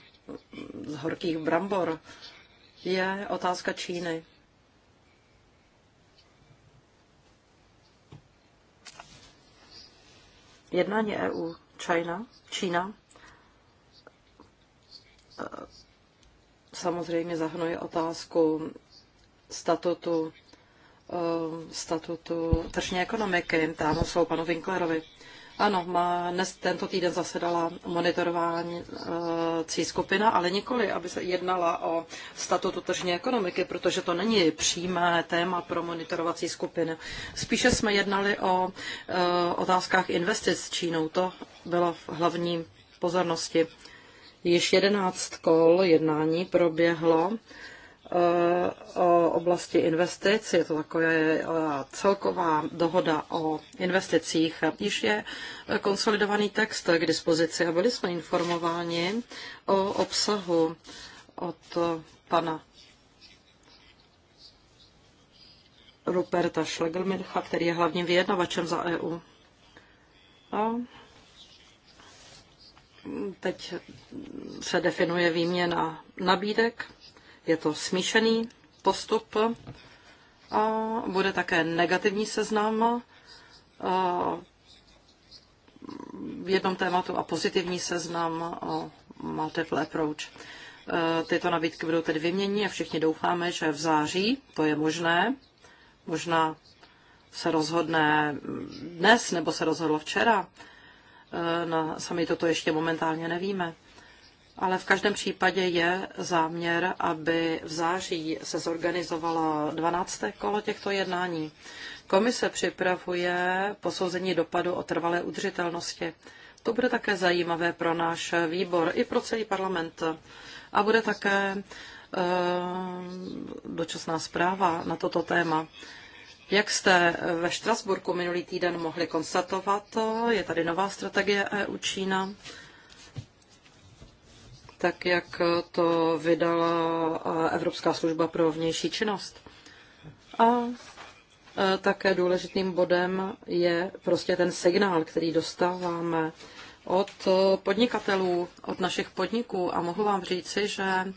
z horkých brambor je otázka Číny. Jednání EU Čína, Čína eh, samozřejmě zahrnuje otázku statutu, eh, statutu tržní ekonomiky. Tam jsou panu Winklerovi. Ano, má, dnes tento týden zasedala monitorování eh, cí skupina, ale nikoli, aby se jednala o statutu tržní ekonomiky, protože to není přímé téma pro monitorovací skupiny. Spíše jsme jednali o eh, otázkách investic s Čínou. To bylo v hlavní pozornosti. Již jedenáct kol jednání proběhlo o oblasti investic. Je to taková celková dohoda o investicích. Již je konsolidovaný text k dispozici a byli jsme informováni o obsahu od pana Ruperta Schlegelmincha, který je hlavním vyjednavačem za EU. A no, teď se definuje výměna nabídek je to smíšený postup a bude také negativní seznam v jednom tématu a pozitivní seznam o multiple approach. E, tyto nabídky budou tedy vyměněny a všichni doufáme, že v září to je možné. Možná se rozhodne dnes nebo se rozhodlo včera. E, na sami toto ještě momentálně nevíme ale v každém případě je záměr, aby v září se zorganizovalo 12. kolo těchto jednání. Komise připravuje posouzení dopadu o trvalé udržitelnosti. To bude také zajímavé pro náš výbor i pro celý parlament. A bude také uh, dočasná zpráva na toto téma. Jak jste ve Štrasburku minulý týden mohli konstatovat, je tady nová strategie EU Čína tak jak to vydala Evropská služba pro vnější činnost. A e, také důležitým bodem je prostě ten signál, který dostáváme od podnikatelů, od našich podniků. A mohu vám říci, že e,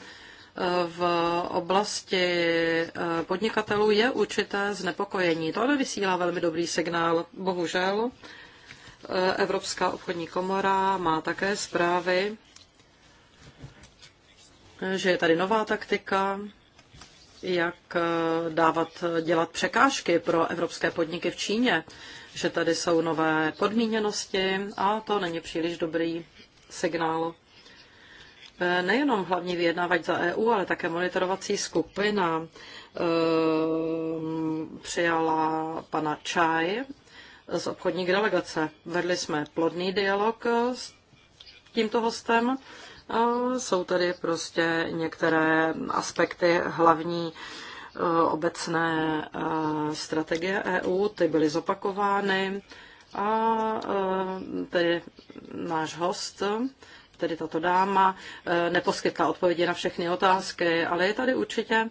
v oblasti e, podnikatelů je určité znepokojení. To vysílá velmi dobrý signál. Bohužel Evropská obchodní komora má také zprávy že je tady nová taktika, jak eh, dávat, dělat překážky pro evropské podniky v Číně, že tady jsou nové podmíněnosti a to není příliš dobrý signál. Eh, nejenom hlavní vyjednávač za EU, ale také monitorovací skupina eh, přijala pana Čaj z obchodní delegace. Vedli jsme plodný dialog s tímto hostem jsou tady prostě některé aspekty hlavní e, obecné e, strategie EU, ty byly zopakovány a e, tedy náš host tedy tato dáma neposkytla odpovědi na všechny otázky, ale je tady určitě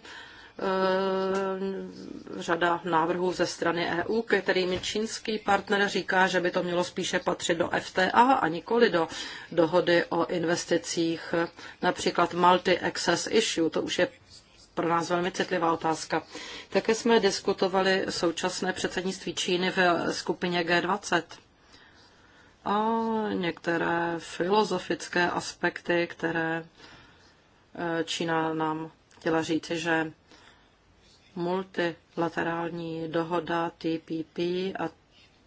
Eh, řada návrhů ze strany EU, kterým čínský partner říká, že by to mělo spíše patřit do FTA a nikoli do dohody o investicích, například multi-access issue, to už je pro nás velmi citlivá otázka. Také jsme diskutovali současné předsednictví Číny v skupině G20 a některé filozofické aspekty, které eh, Čína nám chtěla říci, že multilaterální dohoda TPP a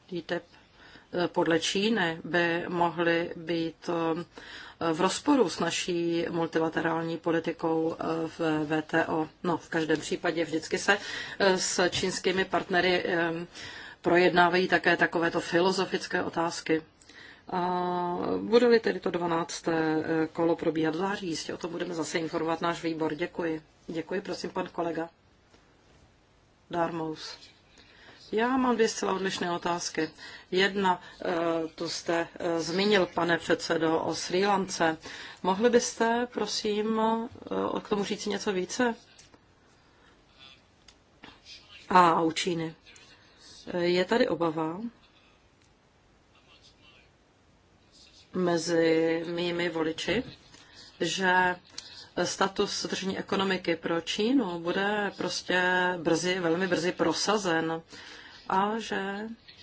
TTIP eh, podle Číny by mohly být eh, v rozporu s naší multilaterální politikou eh, v VTO. No, v každém případě vždycky se s čínskými partnery projednávají také takovéto filozofické otázky. A bude-li tedy to 12. kolo probíhat v září, jistě o to budeme zase informovat náš výbor. Děkuji. Děkuji, prosím, pan kolega. Darmous. Já mám dvě zcela odlišné otázky. Jedna, eh, tu jste eh, zmínil, pane předsedo, o Sri Lance. Mohli byste, prosím, eh, k tomu říct něco více? A u Číny. Je tady obava mezi mými voliči, že status tržní ekonomiky pro Čínu bude prostě brzy, velmi brzy prosazen a že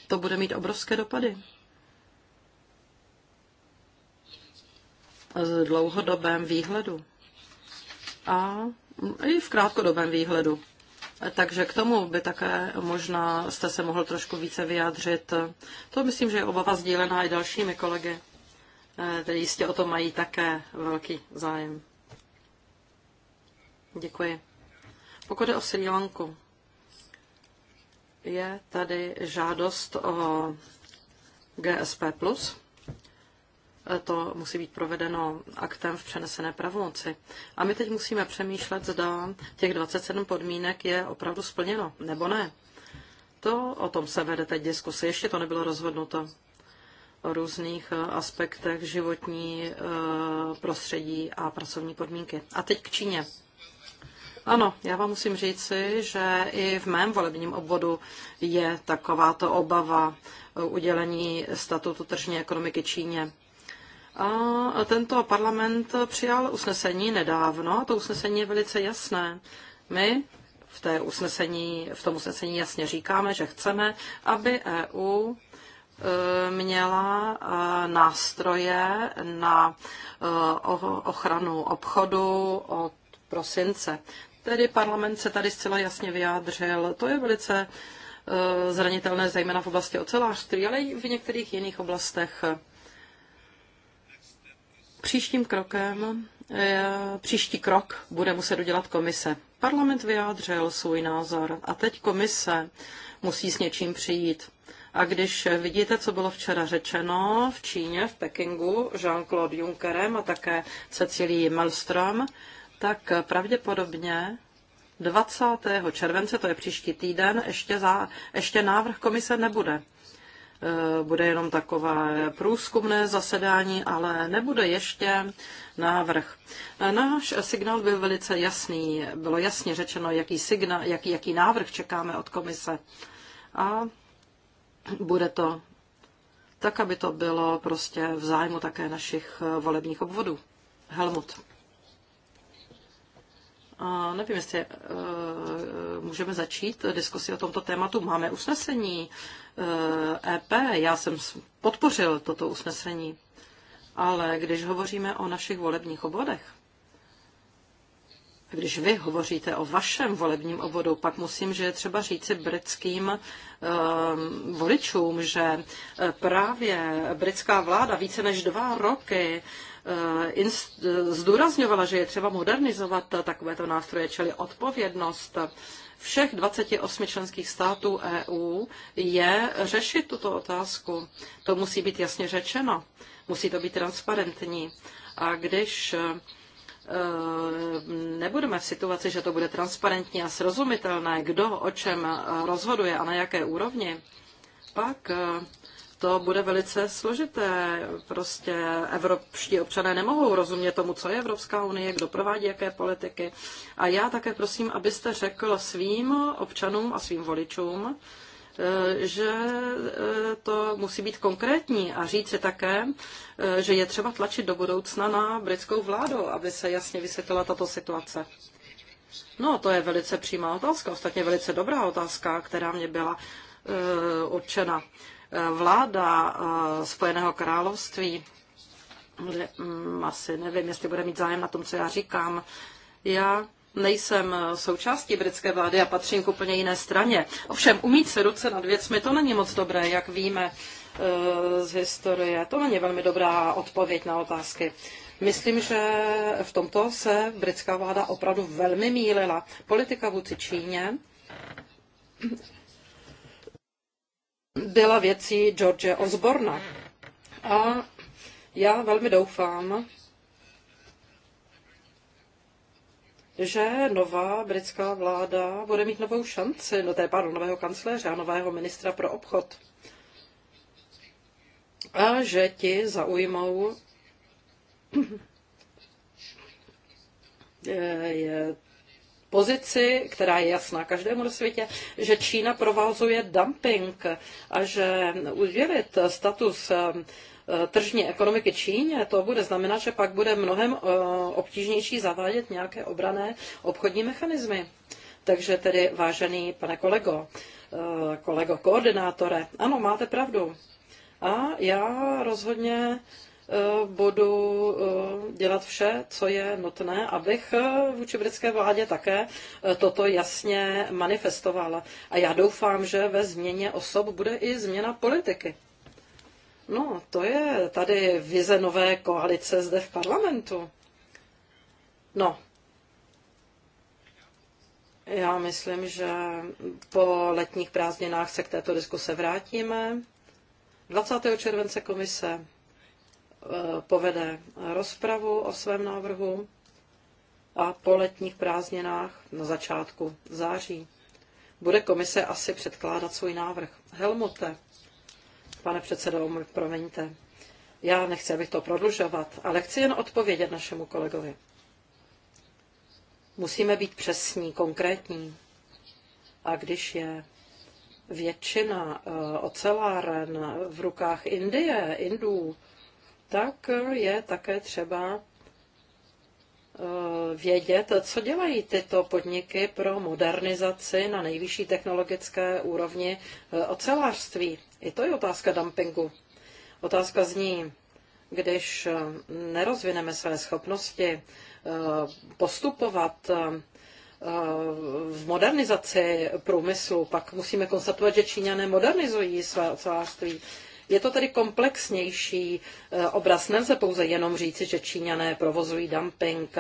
to bude mít obrovské dopady. z dlouhodobém výhledu a i v krátkodobém výhledu. Takže k tomu by také možná jste se mohl trošku více vyjádřit. To myslím, že je obava sdílená i dalšími kolegy, kteří eh, jistě o to mají také velký zájem. Děkuji. Pokud je o Sri Lanku, je tady žádost o GSP+. To musí být provedeno aktem v přenesené pravomoci. A my teď musíme přemýšlet, zda těch 27 podmínek je opravdu splněno, nebo ne. To o tom se vede teď diskuse. Ještě to nebylo rozhodnuto o různých eh, aspektech životní eh, prostředí a pracovní podmínky. A teď k Číně. Ano, já vám musím říci, že i v mém volebním obvodu je takováto obava eh, udělení statutu tržní ekonomiky Číně. A tento parlament přijal usnesení nedávno a to usnesení je velice jasné. My v, té usnesení, v tom usnesení jasně říkáme, že chceme, aby EU eh, měla eh, nástroje na ochranu obchodu od prosince. Tedy parlament se tady zcela jasně vyjádřil. To je velice eh, zranitelné, zejména v oblasti ocelářství, ale i v některých jiných oblastech. Příštím krokem, eh, příští krok bude muset udělat komise. Parlament vyjádřil svůj názor a teď komise musí s něčím přijít. A když vidíte, co bylo včera řečeno v Číně, v Pekingu, Jean-Claude Junckerem a také Cecilie Malmström, tak pravděpodobně 20. července, to je příští týden, ještě, za, ještě návrh komise nebude. E, bude jenom takové průzkumné zasedání, ale nebude ještě návrh. E, náš signál byl velice jasný. Bylo jasně řečeno, jaký, signál, jaký, jaký návrh čekáme od komise. A bude to tak, aby to bylo prostě v zájmu také našich volebních obvodů. Helmut nevím, jestli eh, můžeme začít diskusi o tomto tématu. Máme usnesení EP, eh, e já jsem podpořil toto usnesení, ale když hovoříme o našich volebních obvodech, když vy hovoříte o vašem volebním obvodu, pak musím, že je třeba říci britským um, voličům, že právě britská vláda více než dva roky uh, Eh, zdůrazňovala, že je třeba modernizovat takovéto nástroje, čili odpovědnost všech 28 členských států EU je řešit tuto otázku. To musí být jasně řečeno, musí to být transparentní. A když eh, nebudeme v situaci, že to bude transparentní a srozumitelné, kdo o čem rozhoduje a na jaké úrovni, pak eh, to bude velice složité. Prostě evropští občané nemohou rozumět tomu, co je Evropská unie, kdo provádí jaké politiky. A já také prosím, abyste řekl svým občanům a svým voličům, eh, že eh, to musí být konkrétní a si také, eh, že je třeba tlačit do budoucna na britskou vládu, aby se jasně vysvětlila tato situace. No, to je velice přímá otázka, ostatně velice dobrá otázka, která mě byla určena vláda eh, Spojeného království, mm, asi nevím, jestli bude mít zájem na tom, co já říkám, já nejsem součástí britské vlády a patřím k úplně jiné straně. Ovšem, umít se ruce nad věcmi, to není moc dobré, jak víme eh, z historie. To není velmi dobrá odpověď na otázky. Myslím, že v tomto se britská vláda opravdu velmi mílila. Politika vůči Číně byla věcí George Osborna. A já velmi doufám, že nová britská vláda bude mít novou šanci, no to je pardon, nového kancléře a nového ministra pro obchod. A že ti zaujmou je pozici, která je jasná každému na světě, že Čína provázuje dumping a že udělit status eh, tržní ekonomiky Číně, to bude znamenat, že pak bude mnohem eh, obtížnější zavádět nějaké obrané obchodní mechanismy. Takže tedy, vážený pane kolego, eh, kolego koordinátore, ano, máte pravdu. A já rozhodně Eh, budu eh, dělat vše, co je nutné, abych eh, vůči britské vládě také toto jasně manifestovala. A já doufám, že ve změně osob bude i změna politiky. No, to je tady vize nové koalice zde v parlamentu. No, já myslím, že po letních prázdninách se k této diskuse vrátíme. 20. července komise Eh, povede rozpravu o svém návrhu a po letních prázdninách na začátku září bude komise asi předkládat svůj návrh. Helmute, pane předsedo, promiňte, já nechci, abych to prodlužovat, ale chci jen odpovědět našemu kolegovi. Musíme být přesní, konkrétní. A když je většina eh, oceláren v rukách Indie, Indů, tak je také třeba eh, vědět, co dělají tyto podniky pro modernizaci na nejvyšší technologické úrovni eh, ocelářství. I to je otázka dumpingu. Otázka zní, když eh, nerozvineme své schopnosti postupovat v modernizaci průmyslu, pak musíme konstatovat, že Číňané modernizují své ocelářství je to tedy komplexnější eh, obraz. Nelze pouze jenom říci, že Číňané provozují dumping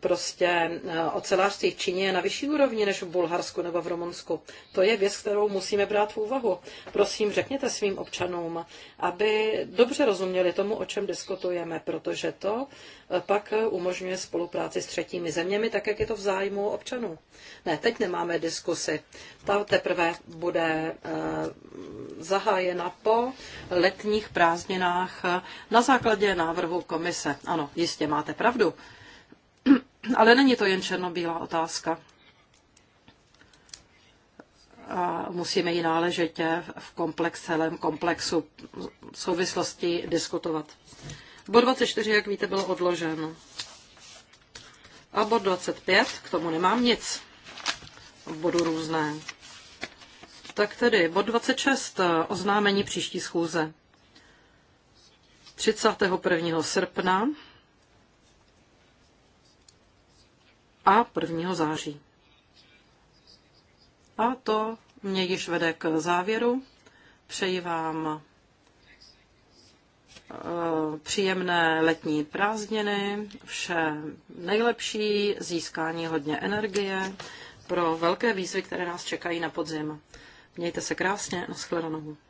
Prostě eh, ocelářství v Číně je na vyšší úrovni než v Bulharsku nebo v Rumunsku. To je věc, kterou musíme brát v úvahu. Prosím, řekněte svým občanům, aby dobře rozuměli tomu, o čem diskutujeme, protože to eh, pak eh, umožňuje spolupráci s třetími zeměmi, tak jak je to v zájmu občanů. Ne, teď nemáme diskusy. Ta teprve bude zahájena po letních prázdninách na základě návrhu komise. Ano, jistě máte pravdu. Ale není to jen černobílá otázka. A musíme ji náležitě v komplex, celém komplexu v souvislosti diskutovat. Bod 24, jak víte, byl odložen. A bod 25, k tomu nemám nic. V bodu různé. Tak tedy, bod 26, oznámení příští schůze. 31. srpna a 1. září. A to mě již vede k závěru. Přeji vám eh, příjemné letní prázdniny, vše nejlepší, získání hodně energie pro velké výzvy, které nás čekají na podzim. Mějte se krásně, naschledanou.